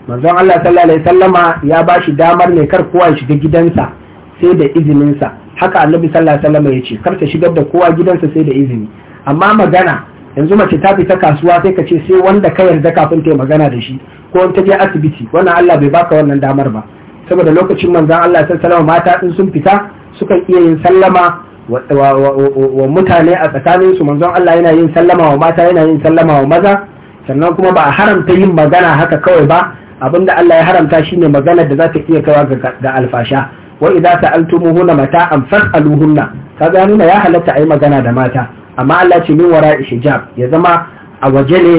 manzon Allah sallallahu alaihi sallama ya bashi damar ne kar kowa ya shiga gidansa sai da izininsa haka annabi sallallahu alaihi sallama ya ce kar ta shigar da kowa gidansa sai da izini amma magana yanzu mace ta fita kasuwa sai ka ce sai wanda ka yarda kafin ta yi magana da shi ko ta je asibiti wannan Allah bai baka wannan damar ba saboda lokacin manzan Allah salama mata in sun fita sukan iya yin sallama wa mutane a tsakaninsu. su manzon Allah yana yin sallama wa mata yana yin sallama wa maza sannan kuma ba a haramta yin magana haka kawai ba abinda Allah ya haramta shi ne magana da za ta iya kawa ga alfasha wa idza sa'altumuhunna mata'an fas'aluhunna kaga nuna ya halatta ayi magana da mata amma Allah ce min wara hijab ya zama a waje ne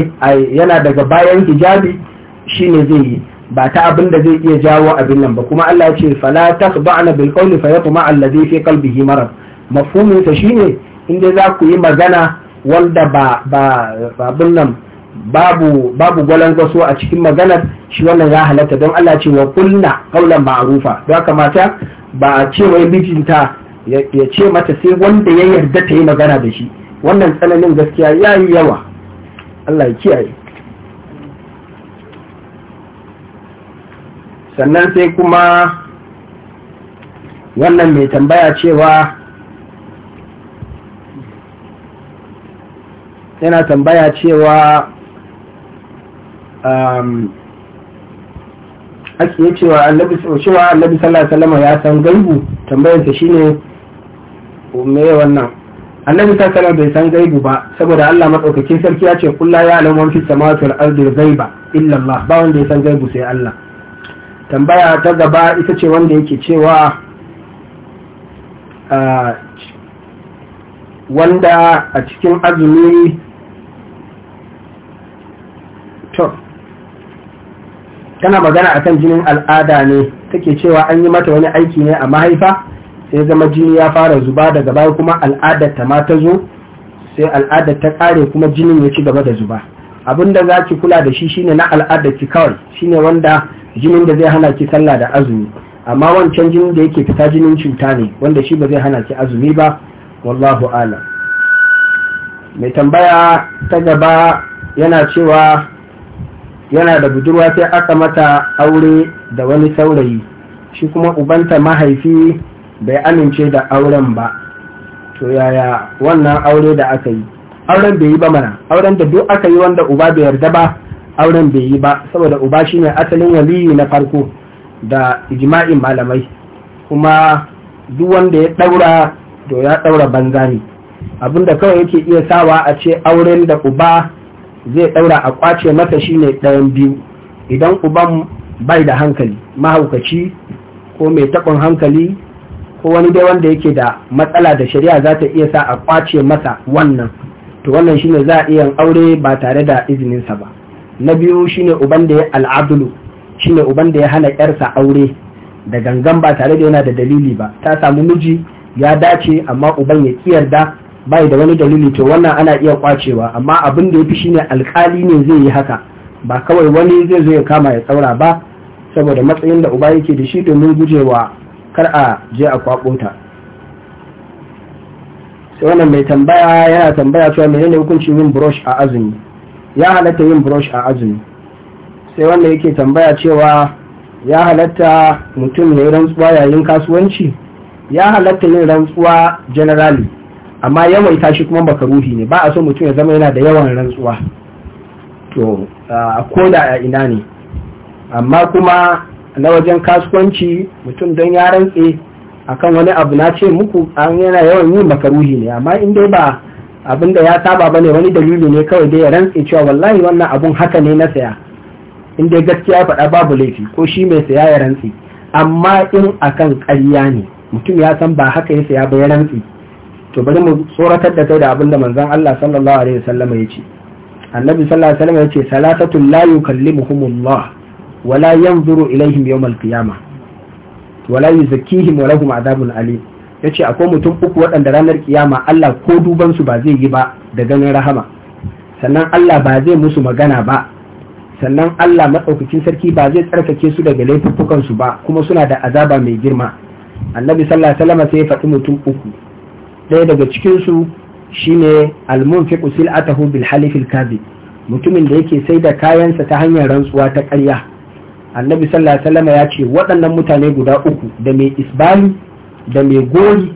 yana daga bayan hijabi shine zai yi ba ta abin da zai iya jawo abin nan ba kuma Allah ya ce fala tasba'na bil qawli fa yatma alladhi fi qalbihi marad mafhumin sa shine inda za ku yi magana wanda ba ba abin nan babu babu gaso a cikin maganar shi wannan ya halatta don Allah ce wa kulna qawlan ma'rufa don haka mata ba a ce wai mijinta ya ce mata sai wanda ya yarda ta yi magana da shi wannan tsananin gaskiya yayi yawa Allah ya kiyaye sannan sai kuma wannan mai tambaya cewa yana tambaya cewa um, ake yi cewa annabi sallallahu alaihi ya san gaibu tambayarsa ta shine me wannan annabi sallallahu alaihi bai san gaibu ba saboda Allah madaukakin sarki ya ce kula ya alamu fi fis samawati wal ardi ghaiba ba wanda ya san gaibu sai Allah tambaya ta gaba ita ce wanda yake cewa wanda a cikin azumi to tana magana a kan jinin al'ada ne take cewa an yi mata wani aiki ne a mahaifa sai zama jini ya fara zuba daga baya kuma al'adar ta ma zo sai al'adar ta kare kuma jinin ya ci gaba da zuba abinda za ki kula da shi shine na al'adar ki kawai shine wanda jinin da zai hana ki sallah da azumi amma wancan jinin da yake fita jinin cuta ne wanda shi ba zai hana ki azumi ba wallahu ala mai tambaya ta gaba yana cewa yana da budurwa sai aka mata aure da wani saurayi shi kuma ubanta mahaifi bai amince da auren ba to yaya wannan aure da aka yi auren bai yi ba mana auren da duk aka yi wanda uba bai yarda ba auren bai yi ba saboda uba shine asalin waliyi na farko da ijma'in malamai kuma duk wanda ya daura to ya daura banza ne abinda kawai yake iya sawa a ce auren da uba zai daura a kwace mata shine ɗayan biyu idan uban bai da hankali mahaukaci ko mai taɓin hankali ko wani dai wanda yake da matsala da shari'a za ta iya sa a kwace masa wannan to wannan shine za a iya aure ba tare da izininsa ba na biyu shine uban da ya al'adulu shine uban da ya hana yarsa aure da gangan ba tare da yana da dalili ba ta samu miji ya dace amma uban ya kiyarda bai da wani dalili to wannan ana iya kwacewa amma abin da ya fi shine alkali ne zai yi haka ba kawai wani zai zo ya kama ya tsaura ba saboda matsayin da uba yake da shi domin gujewa kar a je a kwabo ta sai wannan mai tambaya yana tambaya cewa menene hukuncin yin brush a azumi ya halatta yin brush a azumi sai wanda yake tambaya cewa ya halatta mutum ya yi rantsuwa yayin kasuwanci ya halatta yin rantsuwa generally amma yawai tashi kuma baka ruhi ne ba a so mutum ya zama yana da yawan rantsuwa to ko da a ina ne amma kuma na wajen kasuwanci mutum don ya rantse akan wani abu na ce muku an yana yawan yin makaruhi ne amma in dai ba abin da ya saba bane wani dalili ne kawai dai ya rantse cewa wallahi wannan abun haka ne na saya in dai gaskiya ya faɗa babu laifi ko shi mai saya ya rantse amma in akan ƙarya ne mutum ya san ba haka ya saya ba ya rantse to bari mu tsoratar da kai da abin da manzon Allah sallallahu alaihi wasallam ya ce annabi sallallahu alaihi wasallam ya ce salatatun la yukallimuhumullah wala yanzuru ilaihim yawmal qiyamah wala yuzakkihim wa lahum adabun alim ya ce akwai mutum uku waɗanda ranar kiyama Allah ko dubansu ba zai yi ba da ganin rahama sannan Allah ba zai musu magana ba sannan Allah maɗaukakin sarki ba zai tsarkake su daga laifuffukan su ba kuma suna da azaba mai girma annabi sallallahu alaihi wasallam sai ya faɗi mutum uku ɗaya daga cikin su shine al-munfiqu sil'atahu bil halif al-kadhib mutumin da yake sai da kayansa ta hanyar rantsuwa ta ƙarya annabi sallallahu alaihi wasallam ya ce waɗannan mutane guda uku da mai isbali da mai gori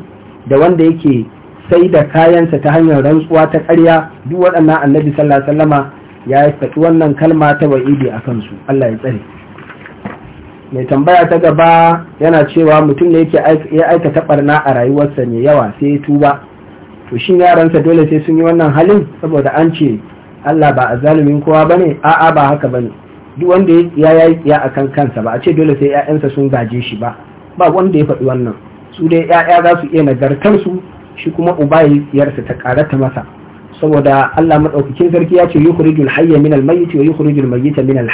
da wanda yake sai da kayansa ta hanyar rantsuwa ta ƙarya duk waɗannan annabi sallallahu alaihi wasallama ya faɗi wannan kalma ta wa'idi a kansu Allah ya tsare mai tambaya ta gaba yana cewa mutum ne yake ya aika taɓarna a rayuwarsa ne yawa sai ya tuba to shi yaransa dole sai sun yi wannan halin saboda an ce Allah ba a zalumin kowa ba ne? a'a ba haka ba ne. duk wanda ya yi ya akan kansa ba a ce dole sai 'ya'yansa sun gaje shi ba ba wanda ya faɗi wannan su dai ‘ya'ya za su iya su shi kuma uba yarsa ta karata masa saboda Allah maɗaukakin sarki ya ce yukhrijul hayya min al-mayyit wa yukhrijul mayyita min al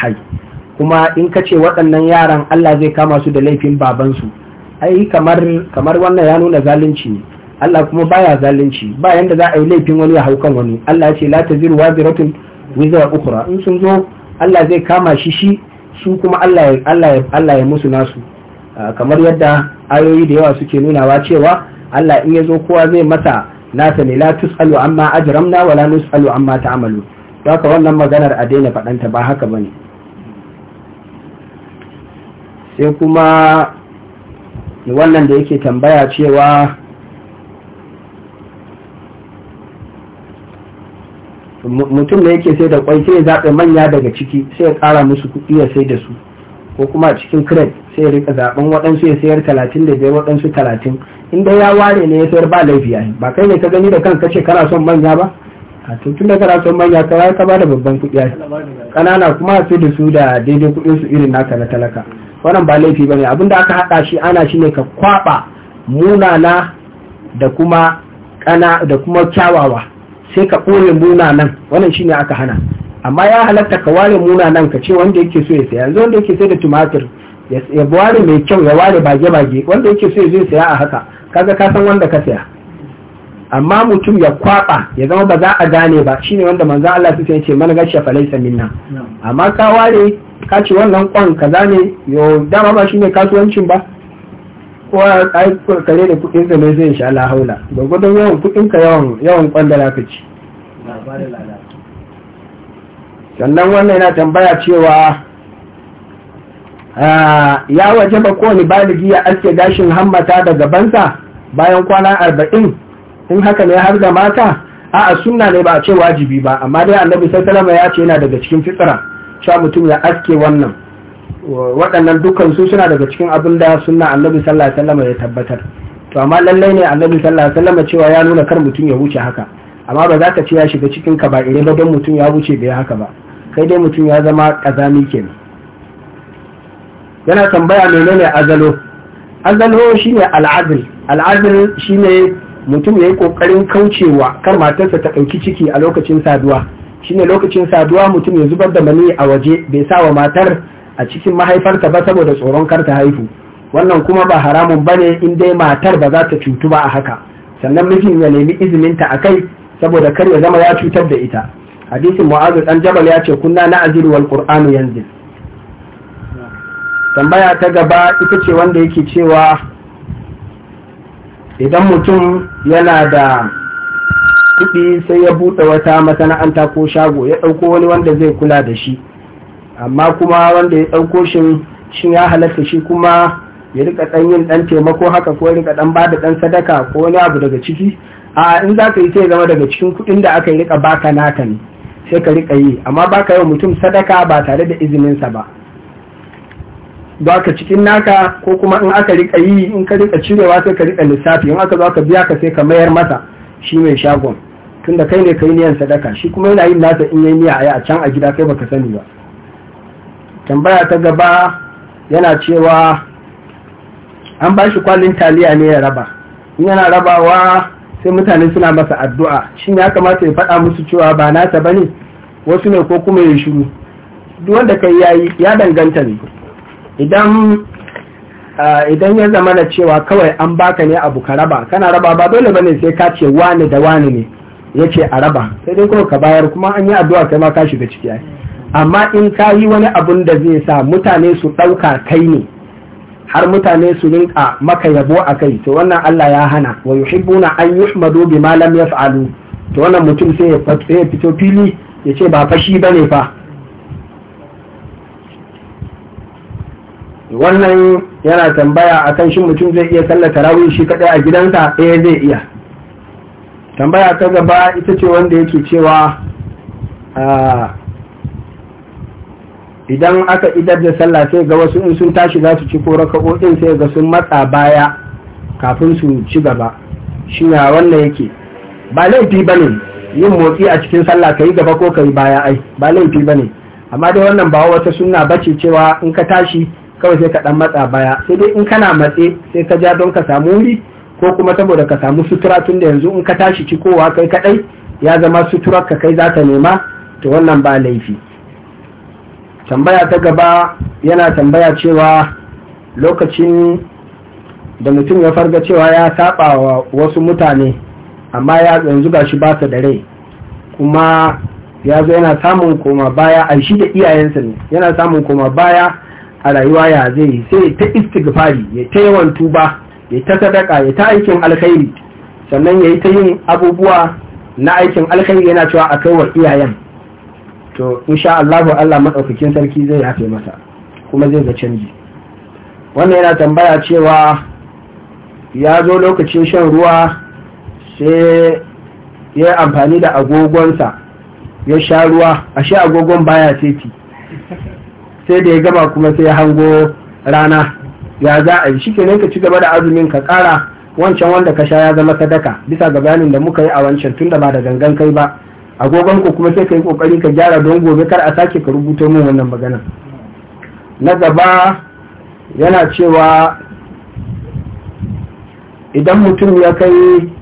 kuma in ka ce waɗannan yaran Allah zai kama su da laifin babansu ai kamar kamar wannan ya nuna zalunci ne Allah kuma baya zalunci ba yanda za a yi laifin wani ya hau kan wani Allah ya ce la taziru waziratun wizra ukhra in sun zo Allah zai kama shi shi su kuma Allah ya Allah ya musu nasu Ah, kamar yadda ayoyi da yawa suke nunawa cewa Allah in ya zo kowa zai masa nasa ne latus tusalu amma ajramna wa la nusalu amma ta'malu ka wannan maganar a daina faɗanta ba haka bane sai kuma wannan da yake tambaya cewa mutum da yake sai da kwai sai zaɓe manya daga ciki sai ya ƙara musu kuɗi ya sai da su ko kuma a cikin crate sai rika zaben waɗansu ya sayar talatin da biyar waɗansu talatin inda ya ware ne ya sayar ba laifi ya ba kai ne ka gani da kan kace kana son manya ba a tuntun da kana son manya ka ka ba da babban kuɗi yayi ƙanana kuma a da su da daidai kuɗin su irin naka na talaka wannan ba laifi ba ne abin da aka haɗa shi ana shi ne ka kwaɓa munana da kuma kana da kuma kyawawa sai ka ɓoye munanan wannan shine aka hana amma ya halatta ka ware muna nan ka ce wanda yake so ya saya yanzu wanda yake sai da tumatir ya ware mai kyau ya ware bage-bage wanda yake so ya zai saya a haka kaga ka san wanda ka saya amma mutum ya kwaba ya zama ba za a gane ba shine wanda manzo Allah su ce man gashe fa laysa minna amma ka ware ka ce wannan kwan kaza ne yo dama ba shine kasuwancin ba ko ai kare da kudin sa ne zai insha Allah haula gwagwadon yawan kudin ka yawan yawan kwan da ci sannan wannan yana tambaya cewa ah, ya waje ba kowane baligi ya aske gashin hammata da sa bayan kwana arba'in in haka ne har da mata a a sunna ne ba a ce wajibi ba amma dai annabi sallallahu ya ce yana daga cikin fitsara, sha mutum ya aske wannan waɗannan dukkan su suna daga cikin abin da sunna annabi sallallahu alaihi wasallam ya tabbatar to amma lallai ne annabi sallallahu alaihi wasallam cewa ya nuna kar mutum ya wuce haka amma ba za ka ce ya shiga cikin ka ba don mutum ya wuce bai haka ba kai dai mutum ya zama ƙazami kenan yana tambaya menene azalo azalo shine al'adil shi shine mutum ya yi kokarin kaucewa kar matarsa ta ɗauki ciki a lokacin saduwa shine lokacin saduwa mutum ya zubar da mani a waje bai sa wa matar a cikin mahaifarta ba saboda tsoron kar ta haihu wannan kuma ba haramun bane in dai matar ba za ta cutu ba a haka sannan mijin ya nemi izininta a kai? saboda kar ya zama ya cutar da ita hadisin mu'azu dan jabal ya ce kunna na'ziru wal qur'anu yanzil tambaya ta gaba ita ce wanda yake cewa idan mutum yana da kuɗi sai ya buɗe wata masana'anta ko shago ya ɗauko wani wanda zai kula da shi amma kuma wanda ya ɗauko shi shin ya halatta shi kuma ya rika ɗan yin ɗan taimako haka ko ya rika ɗan bada ɗan sadaka ko wani abu daga ciki a in za ka yi sai zama daga cikin kuɗin da aka yi rika baka naka ne sai ka rika yi amma baka yi mutum sadaka ba tare da izininsa ba ba ka cikin naka ko kuma in aka rika yi in ka rika cirewa sai ka rika lissafi in aka zo ka biya ka sai ka mayar masa shi mai shagon tunda kai ne kai niyan sadaka shi kuma yana yin nasa in yayi niyya a can a gida kai baka sani ba tambaya ta gaba yana cewa an ba shi kwalin taliya ne ya raba in yana rabawa sai mutane suna masa addu'a shin ya kamata ya faɗa musu cewa ba nata ba ne wasu ne ko kuma ya shiru duk wanda kai ya yi ya danganta ne idan ya zama na cewa kawai an baka ne abu ka raba kana raba ba dole ne sai ka ce wani da wani ne ya ce a raba sai dai kuma ka bayar kuma an yi addu'a kai ma ka shiga ciki amma in ka yi wani abun da zai sa mutane su ɗauka kai ne har mutane su rinka maka yabo a kai to wannan Allah ya hana wa yuhibbuna an yuhmadu bima lam yaf'alu to wannan mutum sai ya fito fili ya ce ba fashi bane fa wannan yana tambaya akan shi mutum zai iya sallar tarawih shi kadai a gidansa eh zai iya tambaya ta gaba ita ce wanda yake cewa ah, idan aka idar da sallah sai ga wasu in sun tashi za su ci ko raka'o'in sai ga sun matsa baya kafin su ci gaba shi na wannan yake ba laifi ba ne yin motsi a cikin sallah ka yi gaba ko ka yi baya ai ba laifi ba ne amma dai wannan ba wata suna bace cewa in ka tashi kawai sai ka dan matsa baya sai dai in kana matse sai ka ja don ka samu wuri ko kuma saboda ka samu sutura tun da yanzu in ka tashi ci kowa kai kadai ya zama suturar ka kai za ta nema to wannan ba laifi tambaya ta gaba yana tambaya cewa lokacin da mutum ya farga cewa ya saba wa wasu mutane amma ya yanzu shi ba su da rai kuma ya zo yana samun koma baya a shi da iyayensa ne yana samun koma baya a rayuwa ya zai yi sai ta istighfari ya ta yawan tuba ya ta sadaka ya ta aikin alkhairi sannan ya yi ta yin abubuwa na aikin alkhairi yana cewa a kaiwar iyayen to sha Allahu Allah madaukakin sarki zai yafe masa kuma zai ga canji wannan yana tambaya cewa ya zo lokacin shan ruwa sai ya amfani da agogonsa ya sha ruwa A ashe agogon baya seti sai da ya gama kuma sai ya hango rana ya za a yi shi kenan ka ci gaba da azumin ka kara wancan wanda ka sha ya zama sadaka bisa ga bayanin da muka yi a wancan tunda ba da gangan kai ba agogon ku kuma sai ka yi kokari ka gyara don gobe kar a sake ka rubuta mun wannan magana na gaba yana cewa idan mutum ya kai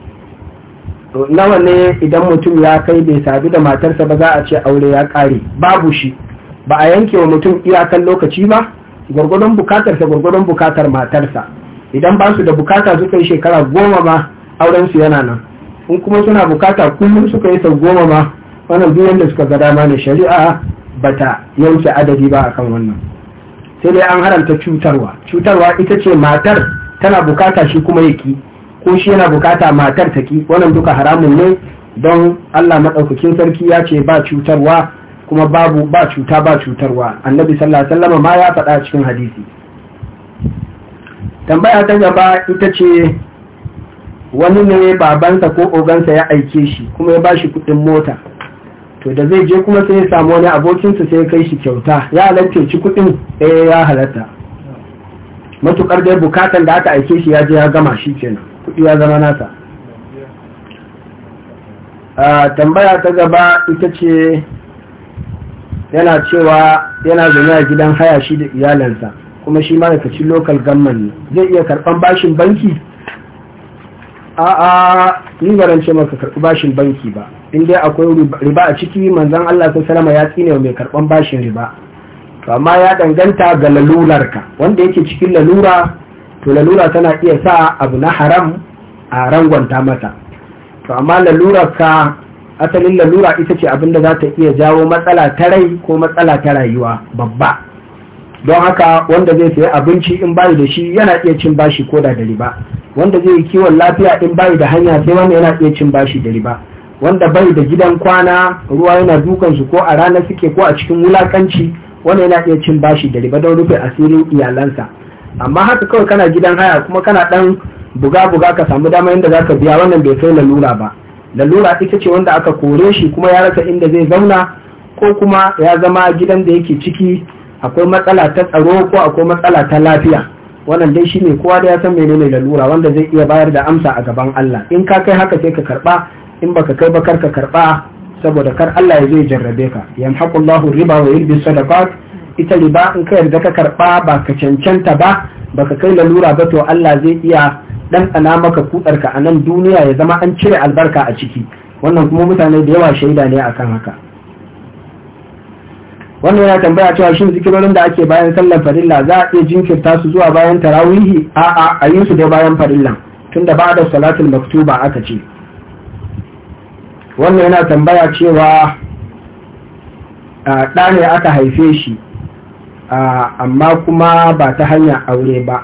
nawa ne idan mutum ya kai bai sadu da matarsa ba za a ce aure ya kare babu shi ba a yanke wa mutum iyakan lokaci ba gwargwadon bukatarsa gwargwadon bukatar matarsa idan ba su da bukata suka yi shekara goma ba aurensu yana nan in kuma suna bukata kullum suka yi sau goma ma wannan biyan da suka ga dama ne shari'a ta yanke adadi ba akan wannan sai dai an haramta cutarwa cutarwa ita ce matar tana bukata shi kuma yaki ko shi yana bukata matar ta ki wannan duka haramun ne don Allah maɗaukakin sarki ya ce ba cutarwa kuma babu ba cuta ba cutarwa annabi sallallahu alaihi wasallam ma ya faɗa cikin hadisi tambaya ta gaba ita ce wani ne babansa ko ogansa ya aike shi kuma ya ba shi kuɗin mota to da zai je kuma sai ya samu wani abokinsa sai ya kai shi kyauta ya halatta ci kuɗin eh ya halatta matukar dai bukatan da aka aike shi ya je ya gama shi kenan kuɗi ya zama nasa tambaya ta gaba ita ce yana cewa yana zaune a gidan haya shi da iyalansa kuma shi ma'aikacin lokal gamman ne zai iya karɓan bashin banki a'a ni baran ce maka karɓi bashin banki ba in dai akwai riba a ciki manzon Allah salama ya tsine mai karɓan bashin riba to amma ya danganta ga lalurarka. wanda yake cikin lalura to lalura tana iya sa abu na haram a rangwanta mata to amma lalura asalin lalura ita ce abinda za ta iya jawo matsala ta rai ko matsala ta rayuwa babba don haka wanda zai sayi abinci in bayi da shi yana iya cin bashi ko da riba wanda zai yi kiwon lafiya in bayi da hanya sai wanda yana iya cin bashi da riba wanda bai da gidan kwana ruwa yana dukan su ko a rana suke ko a cikin wulakanci wanda yana iya cin bashi da riba don rufe asirin iyalansa amma haka kawai kana gidan haya kuma kana dan buga buga ka samu dama inda zaka biya wannan bai kai lalura ba lalura ita ce wanda aka kore shi kuma ya rasa inda zai zauna ko kuma ya zama gidan da yake ciki akwai matsala ta tsaro ko akwai matsala ta lafiya wannan dai shine kowa da ya san menene lalura wanda zai iya bayar da amsa a gaban Allah in ka kai haka sai ka karba in baka kai ba kar ka karba saboda kar Allah ya zai jarrabe ka yamhaqullahu riba wa yulbi sadaqat ita riba in ka yarda ka karba ba ka cancanta ba baka kai lalura ba to Allah zai iya dan ana maka kuɗarka a nan duniya ya zama an cire albarka a ciki wannan kuma mutane da yawa shaida ne akan haka wannan yana tambaya cewa shin zikirorin da ake bayan sallar farilla za a iya jinkirta su zuwa bayan tarawihi a a a yi su dai bayan farilla tunda ba da salatul maktuba aka ce wannan yana tambaya cewa ɗa ne aka haife shi amma kuma ba ta hanyar aure ba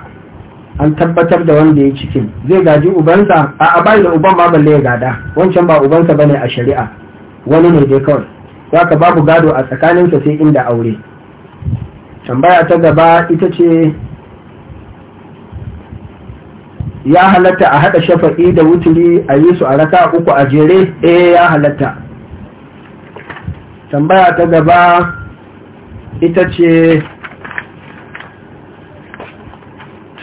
an tabbatar da wanda ya cikin zai gaji ubansa a a bayan uban ma balle ya gada wancan ba ubansa bane a shari'a wani ne dai kawai za ka babu gado a tsakaninsa sai inda aure tambaya ta gaba ita ce ya halatta a haɗa shafa'i da wuturi a yi su a raka uku a jere eh ya halatta tambaya ta gaba ita ce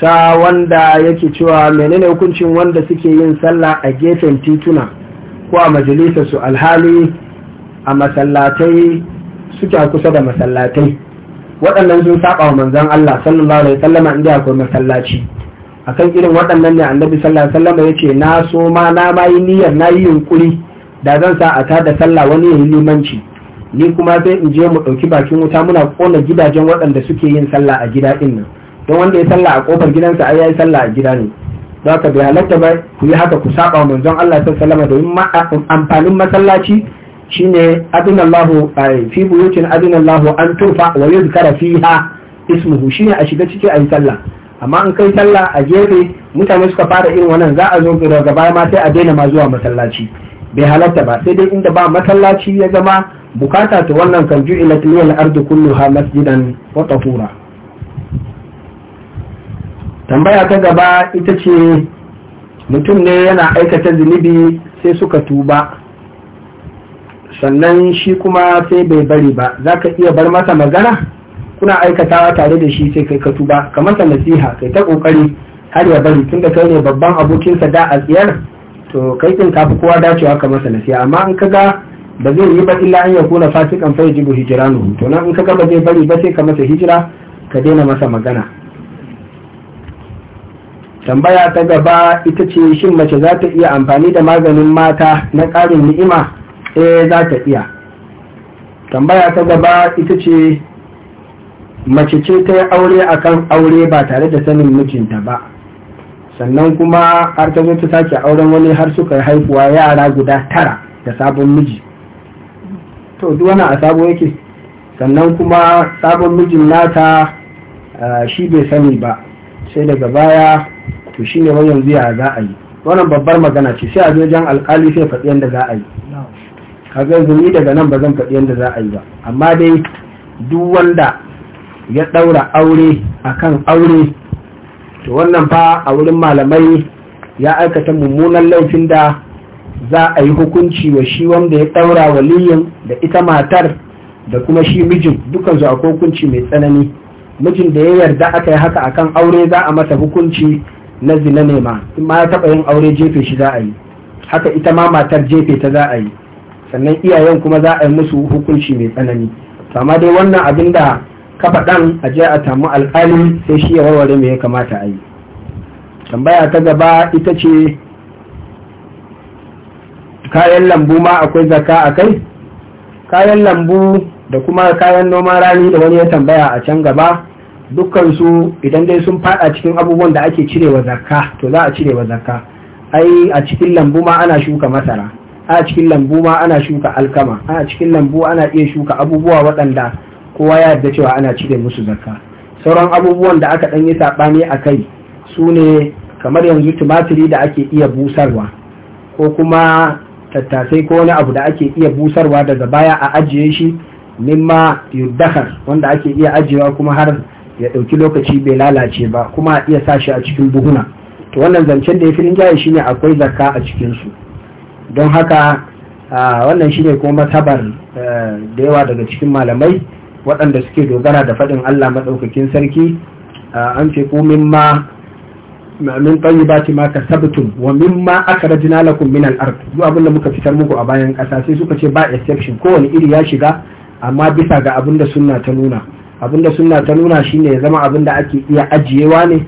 ta wanda yake cewa menene hukuncin wanda suke yin sallah a gefen tituna ko a su alhali a masallatai suke kusa da masallatai waɗannan sun saba wa manzon Allah sallallahu alaihi wasallama inda akwai masallaci akan irin waɗannan ne annabi sallallahu alaihi wasallama yace na so ma na ma niyyar na yi yunkuri da zan sa a tada sallah wani yayi limanci ni kuma sai in je mu ɗauki bakin wuta muna kona gidajen waɗanda suke yin sallah a gida din nan don wanda ya sallah a kofar gidansa ai yayi sallah a gida ne za ka bai halatta ba ku yi haka ku saba manzon Allah sallallahu alaihi wasallama domin amfanin masallaci shine adinallahu fi buyutin adinallahu an turfa wa yuzkara fiha ismuhu shine a shiga ciki ayi yi sallah amma an kai sallah a gefe mutane suka fara irin wannan za a zo daga baya ma sai a daina ma zuwa masallaci bai halatta ba sai dai inda ba masallaci ya zama bukata ta wannan kan ju'ilat liyal ardu kulluha masjidan wa tahura tambaya ta gaba ita ce mutum ne yana aikata zunubi sai suka tuba sannan shi kuma sai bai bari ba za ka iya bar masa magana kuna aikatawa tare da shi sai kai ka tuba ka masa nasiha kai ta kokari har ya bari tunda kai ne babban abokinsa da a tsiyar to kai din ka fi kowa dacewa ka masa nasiha amma in ka ga ba zai yi ba illa an ya kuna fasikan fa yajibu hijranu to nan in ka ga ba zai bari ba sai ka masa hijira ka daina masa magana tambaya ta gaba ita ce shin mace za ta iya amfani da maganin mata na karin ni'ima eh za ta iya tambaya ta gaba ita ce mace ce ta yi aure akan aure ba tare da sanin mijinta ba sannan kuma har ta zo ta sake auren wani har suka haifuwa yara guda tara da sabon miji to duk wani a sabo yake sannan kuma sabon mijin nata shi bai sani ba sai daga baya to shi ne yanzu ya za wannan babbar magana ce sai a wajen alkali sai faɗi yadda za a yi kaga yanzu ni daga nan ba zan faɗi yadda za a yi ba amma dai duk wanda ya ɗaura aure akan aure to wannan fa a wurin malamai ya aikata mummunan laifin da za a yi hukunci wa shi wanda ya ɗaura waliyin da ita matar da kuma shi mijin dukansu a hukunci mai tsanani mijin da ya yarda aka yi haka akan aure za a masa hukunci na zina nema in ma ya taɓa yin aure jefe shi za a yi haka ita ma matar jefe ta za a yi sannan iyayen kuma za a yi musu hukunci mai tsanani amma dai wannan abin da ka faɗan a je a tamu alƙali sai shi ya warware me ya kamata a yi tambaya ta gaba ita ce kayan lambu ma akwai zaka a kai kayan lambu da kuma kayan noman rani da wani ya tambaya a can gaba dukkansu idan dai sun faɗa cikin abubuwan da ake cirewa zakka to za a cirewa zakka ai a cikin lambu ma ana shuka masara a cikin lambu ma ana shuka alkama a cikin lambu ana iya shuka abubuwa waɗanda kowa ya yarda cewa ana cire musu zakka sauran abubuwan da aka ɗan yi saɓani a kai su ne kamar yanzu tumatiri da ake iya busarwa ko kuma tattasai ko wani abu da ake iya busarwa daga baya a ajiye shi mimma yuddakar wanda ake iya ajiyewa kuma har ya ɗauki lokaci bai lalace ba kuma a iya sa shi a cikin buhuna to wannan zancen da ya fi rinjaye shine akwai zakka a cikinsu don haka wannan shine kuma masabar eh, da yawa daga cikin malamai waɗanda suke dogara da faɗin Allah maɗaukakin sarki an fi ko ma min tayyibati ma kasabtum wa mimma akhrajna lakum min al-ard duk abin da muka fitar muku a bayan ƙasa sai suka ce ba exception kowane iri ya shiga amma bisa ga abin da sunna ta nuna abin da ta nuna shine ya zama abin da ake iya ajiyewa ne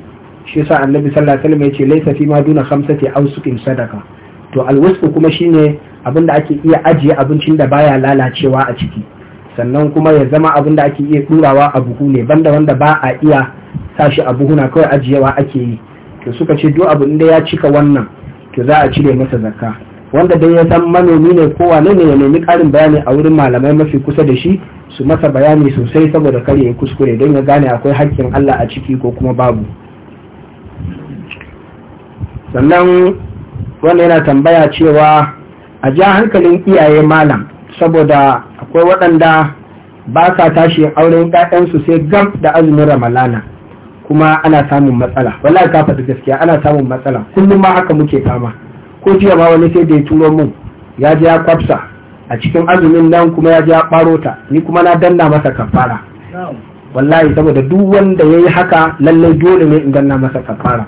shi yasa annabi sallallahu alaihi wasallam ya ce laisa fi ma duna khamsati sukin sadaqa to alwasu kuma shine abin da ake iya ajiye abincin da baya lalacewa a ciki sannan kuma ya zama abin da ake iya ɗurawa a buhu ne banda wanda ba a iya sa shi a buhuna kawai ajiyewa ake yi to suka ce duk abin da ya cika wannan to za a cire masa zakka wanda dai ya san manomi ne ko wane ne ya nemi ƙarin bayani a wurin malamai mafi kusa da shi su masa bayani sosai saboda kar ya kuskure don ya gane akwai hakkin Allah a ciki ko kuma babu sannan wanda yana tambaya cewa a ja hankalin iyaye malam saboda akwai waɗanda ba sa tashi auren ƴaƴansu sai gam da azumin ramalana kuma ana samun matsala wallahi ka faɗi gaskiya ana samun matsala kullum ma haka muke fama ko jiya ma wani sai da ya turo mun ya ji ya kwafsa a cikin azumin nan kuma ya ji ya ɓaro ta ni kuma na danna masa kafara wallahi saboda duk wanda ya yi haka lallai dole ne in danna masa kafara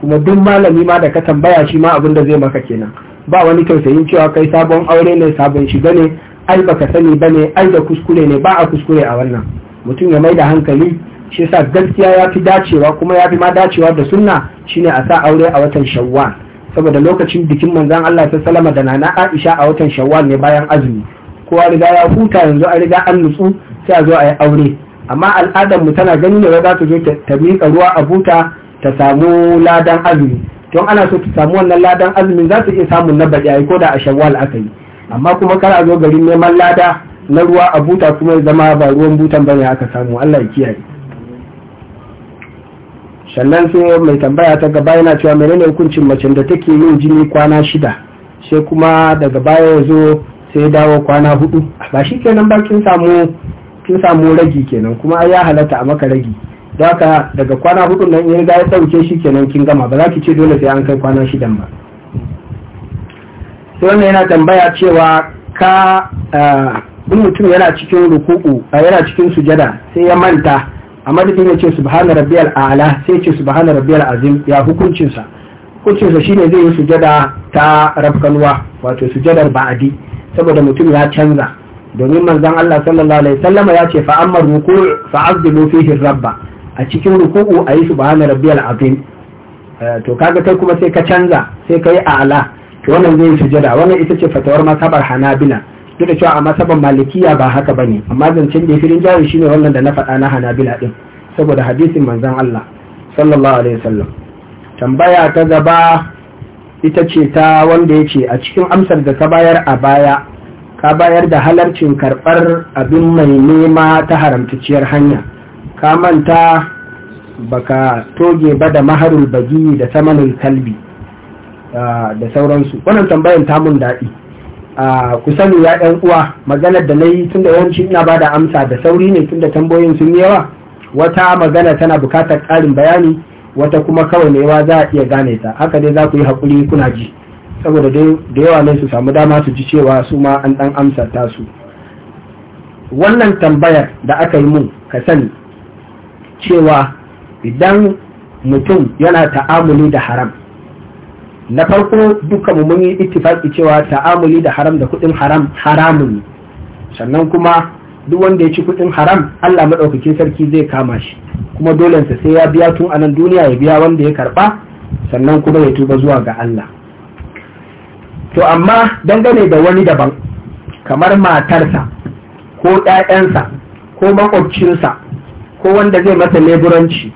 kuma duk malami ma da ka tambaya shi ma abin da zai maka kenan ba wani tausayin cewa kai sabon aure ne sabon shiga ne ai baka sani ba ne, ai da kuskure ne ba a kuskure a wannan mutum ya mai da hankali shi yasa gaskiya ya fi dacewa kuma ya fi ma dacewa da sunna shine a sa aure a watan shawwal saboda lokacin bikin manzon Allah ta salama da nana Aisha a watan shawwal ne bayan azumi kowa riga ya huta yanzu a riga an nutsu sai a zo a yi aure amma al'adar mu tana ganin ne za ta zo ta miƙa ruwa a buta ta samu ladan azumi don ana so ta samu wannan ladan azumin za ta iya samun na baɗi ko da a shawwal aka yi amma kuma kar a zo garin neman lada na ruwa a buta kuma ya zama ba ruwan butan bane aka samu Allah ya kiyaye sannan sai mai tambaya ta gaba yana cewa menene hukuncin macen da take yin jini kwana shida sai kuma daga baya ya zo sai ya dawo kwana hudu ba shi kenan ba kin samu kin samu ragi kenan kuma ya halatta a maka ragi haka daga kwana hudu nan in riga ya sauke shi kenan kin gama ba za ki ce dole sai an kai kwana shidan ba sai wannan yana tambaya cewa ka eh, in mutum yana cikin ruku'u eh, yana cikin sujada sai ya manta a madadin ya ce subhana rabbiyal a'la sai ya ce subhana rabbiyal azim ya hukuncinsa hukuncinsa shine zai yi sujada ta rafkanuwa wato sujadar ba'adi saboda mutum ya canza domin manzon Allah sallallahu alaihi wasallam ya ce fa amma ruku' fa azdilu fihi rabba a cikin ruku'u a yi subhana rabbiyal azim eh, to kaga kai kuma sai ka canza sai ka yi a'la to wannan zai sujada wannan ita ce fatawar masabar hanabila duk da cewa a masabar malikiya ba haka bane amma zancen da firin jari shine wannan da na faɗa na hanabila din saboda hadisin manzon Allah sallallahu alaihi wasallam tambaya ta gaba ita ce ta wanda ya ce a cikin amsar da ka bayar a baya ka bayar da halarcin karɓar abin mai nema ta haramtacciyar hanya ka manta baka toge ba da maharul bagi da samanin kalbi ah, da sauransu wannan tambayan tamun daɗi ah, ku sani ya ɗan uwa maganar da na yi tun da yawanci ina ba da amsa da sauri ne tun da tambayoyin sun yi yawa wata magana tana bukatar ƙarin bayani wata kuma kawai yawa za a iya gane ta haka dai za ku yi haƙuri kuna ji saboda da yawa ne su samu dama su ji cewa su ma an ɗan amsa tasu wannan tambayar da aka yi mun ka sani cewa idan mutum yana ta'amuli da haram na farko duka mu mun yi ittifaki cewa ta'amuli da haram da kuɗin haram haramun sannan kuma duk wanda ya ci kuɗin haram Allah madaukakin sarki zai kama shi kuma dole sa sai ya biya tun a nan duniya ya biya wanda ya karɓa, sannan kuma ya tuba zuwa ga Allah to amma dangane da wani daban kamar matarsa ko ɗayansa ko makwabcinsa ko wanda zai masa leburanci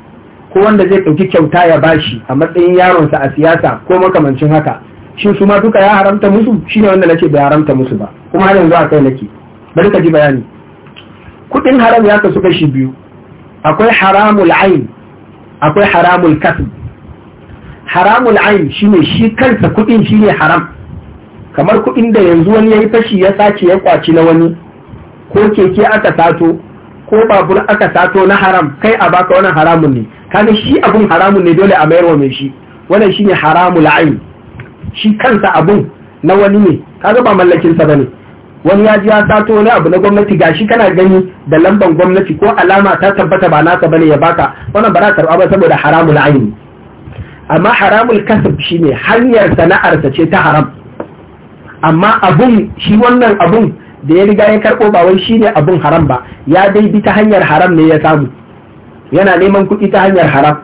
ko wanda zai ɗauki kyauta ya bashi a matsayin yaronsa a siyasa ko makamancin haka shi su ma duka ya haramta musu shine wanda nace bai haramta musu ba kuma har yanzu akai nake bari ka ji bayani Kuɗin haram ya kasu kashi biyu akwai haramul ain akwai haramul kasb haramul ain shine shi kansa kudin shine haram kamar kuɗin da yanzu wani ya yi fashi ya sace ya kwaci na wani ko keke aka sato ko babur aka sato na haram kai a baka wannan haramun ne kaga shi abun haramun ne dole a mayar wa mai shi wannan shine haramul ain shi kansa abun na wani ne kaga ba mallakin sa bane wani ya ji ya sato wani abu na gwamnati gashi kana gani da lamban gwamnati ko alama ta tabbata ba nasa bane ya baka wannan ba karba ba saboda haramul ain amma haramul kasab shine hanyar sana'arsa ce ta haram amma abun shi wannan abun da ya riga ya karɓo ba wai shine abin haram ba ya dai bi ta hanyar haram ne ya samu yana neman kuɗi ta hanyar haram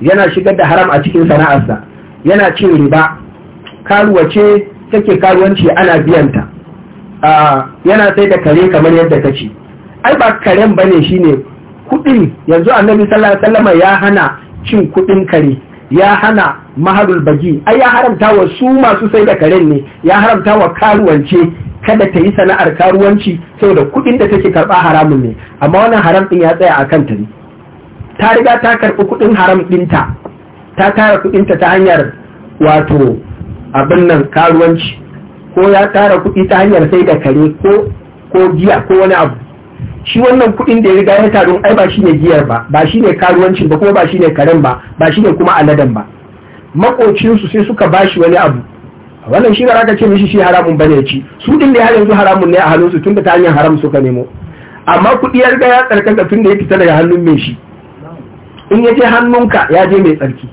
yana shigar da haram a cikin sana'arsa yana cin riba karuwa ce take karuwanci ana biyanta yana sai da kare kamar yadda ta ce ai ba karen ba ne shine kuɗin yanzu annabi sallallahu alaihi wasallam ya hana cin kuɗin kare ya hana maharul bagi ai ya haramta wa su masu sai da karen ne ya haramta wa karuwance kada ta yi sana'ar karuwanci saboda kuɗin da take karɓa haramun ne amma wannan haram ɗin ya tsaya a kan ta ne ta riga ta karɓi kuɗin haram ɗinta ta tara kuɗinta ta hanyar wato abin nan karuwanci ko ya tara kuɗi ta hanyar sai da kare ko ko giya ko wani abu shi wannan kuɗin da ya riga ya taru ai ba shine giyar ba ba shine karuwancin ba kuma ba shine karen ba ba shine kuma aladan ba makocinsu sai suka bashi wani abu wannan shi ba za ka ce mishi shi haramun bane ci su din da har yanzu haramun ne a hannun su tunda ta hanyar haram suka nemo amma kuɗi ya riga ya tsarkaka tunda ya fita daga hannun mai shi in ya je hannunka ya je mai tsarki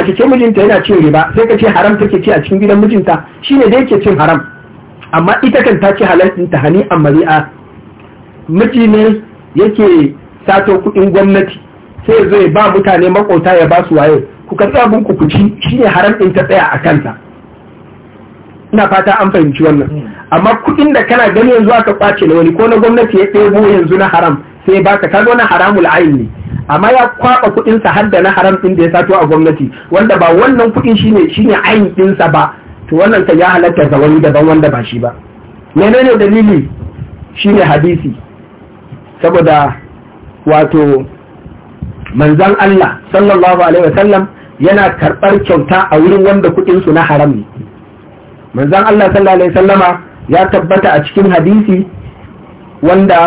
mace ce mijinta yana cin riba sai ka ce haram take ci a cikin gidan mijinta shine da yake cin haram amma ita kan ta ci halal ta hani a mari'a miji ne yake sato kuɗin gwamnati sai ya ba mutane makota ya ba su waye ku karɓi abin ku ku ci shine haram ɗin ta tsaya a kanta ina fata an fahimci wannan amma kuɗin da kana gani yanzu aka kwace na wani ko na gwamnati ya ɗebo yanzu na haram sai ba ka kaga na haramul ayin ne amma ya kwaba kuɗin sa har da na haram ɗin da ya sato a gwamnati wanda ba wannan kuɗin shine shine ayin din sa ba to wannan kan ya halatta ga wani daban wanda ba shi ba menene dalili shine hadisi saboda wato manzon Allah sallallahu alaihi wasallam yana karɓar kyauta a wurin wanda kuɗinsu na haram ne manzon Allah sallallahu alaihi wasallama ya tabbata a cikin hadisi wanda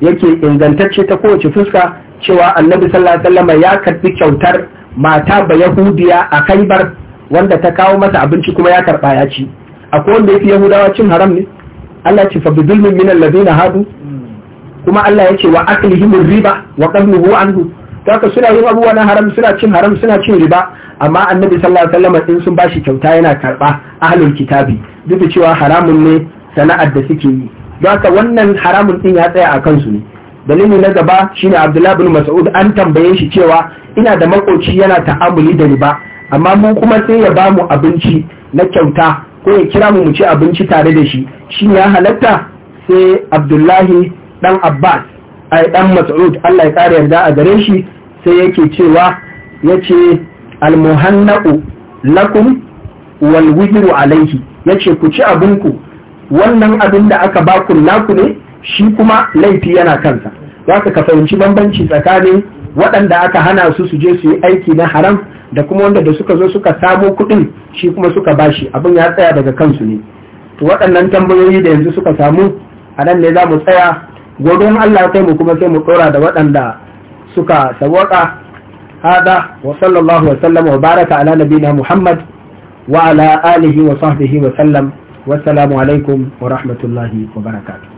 yake ingantacce ta kowace fuska cewa annabi sallallahu alaihi ya karbi kyautar mata ba yahudiya a kaibar wanda ta kawo masa abinci kuma ya karba ya ci akwai wanda fi yahudawa cin haram ne Allah ce fa bizulmin minal ladina hadu hmm. kuma Allah ya ce wa aklihim riba wa qadnuhu anhu taka suna yin abubuwa na haram suna cin haram suna cin riba amma annabi sallallahu alaihi wasallam in sun bashi kyauta yana karba ahlul kitabi duk da cewa haramun ne sana'ar da suke yi don wannan haramun din ya tsaya a kansu ne dalili na gaba shine abdullahi bin mas'ud an tambaye shi cewa ina da makoci yana ta'amuli da riba amma mun kuma sai ya bamu abinci na kyauta ko ya kira mu mu ci abinci tare da shi shin ya halatta sai abdullahi dan abbas ai dan mas'ud Allah ya kare yarda a gare shi sai yake cewa yace almuhanna'u lakum wal wujru alayhi yace ku ci abinku wannan abin da aka ba ku naku ne shi kuma laifi yana kansa zaka ka fahimci bambanci tsakanin waɗanda aka hana su su je su yi aiki na haram da kuma wanda da suka zo suka samo kuɗin shi kuma suka bashi abin ya tsaya daga kansu ne to waɗannan tambayoyi da yanzu suka samu a nan ne za mu tsaya gobe Allah ya mu kuma sai mu tsora da waɗanda suka sawaka hada wa sallallahu wa sallam wa baraka ala nabina Muhammad wa ala alihi wa sahbihi wa sallam wassalamu alaikum wa rahmatullahi wa barakatuh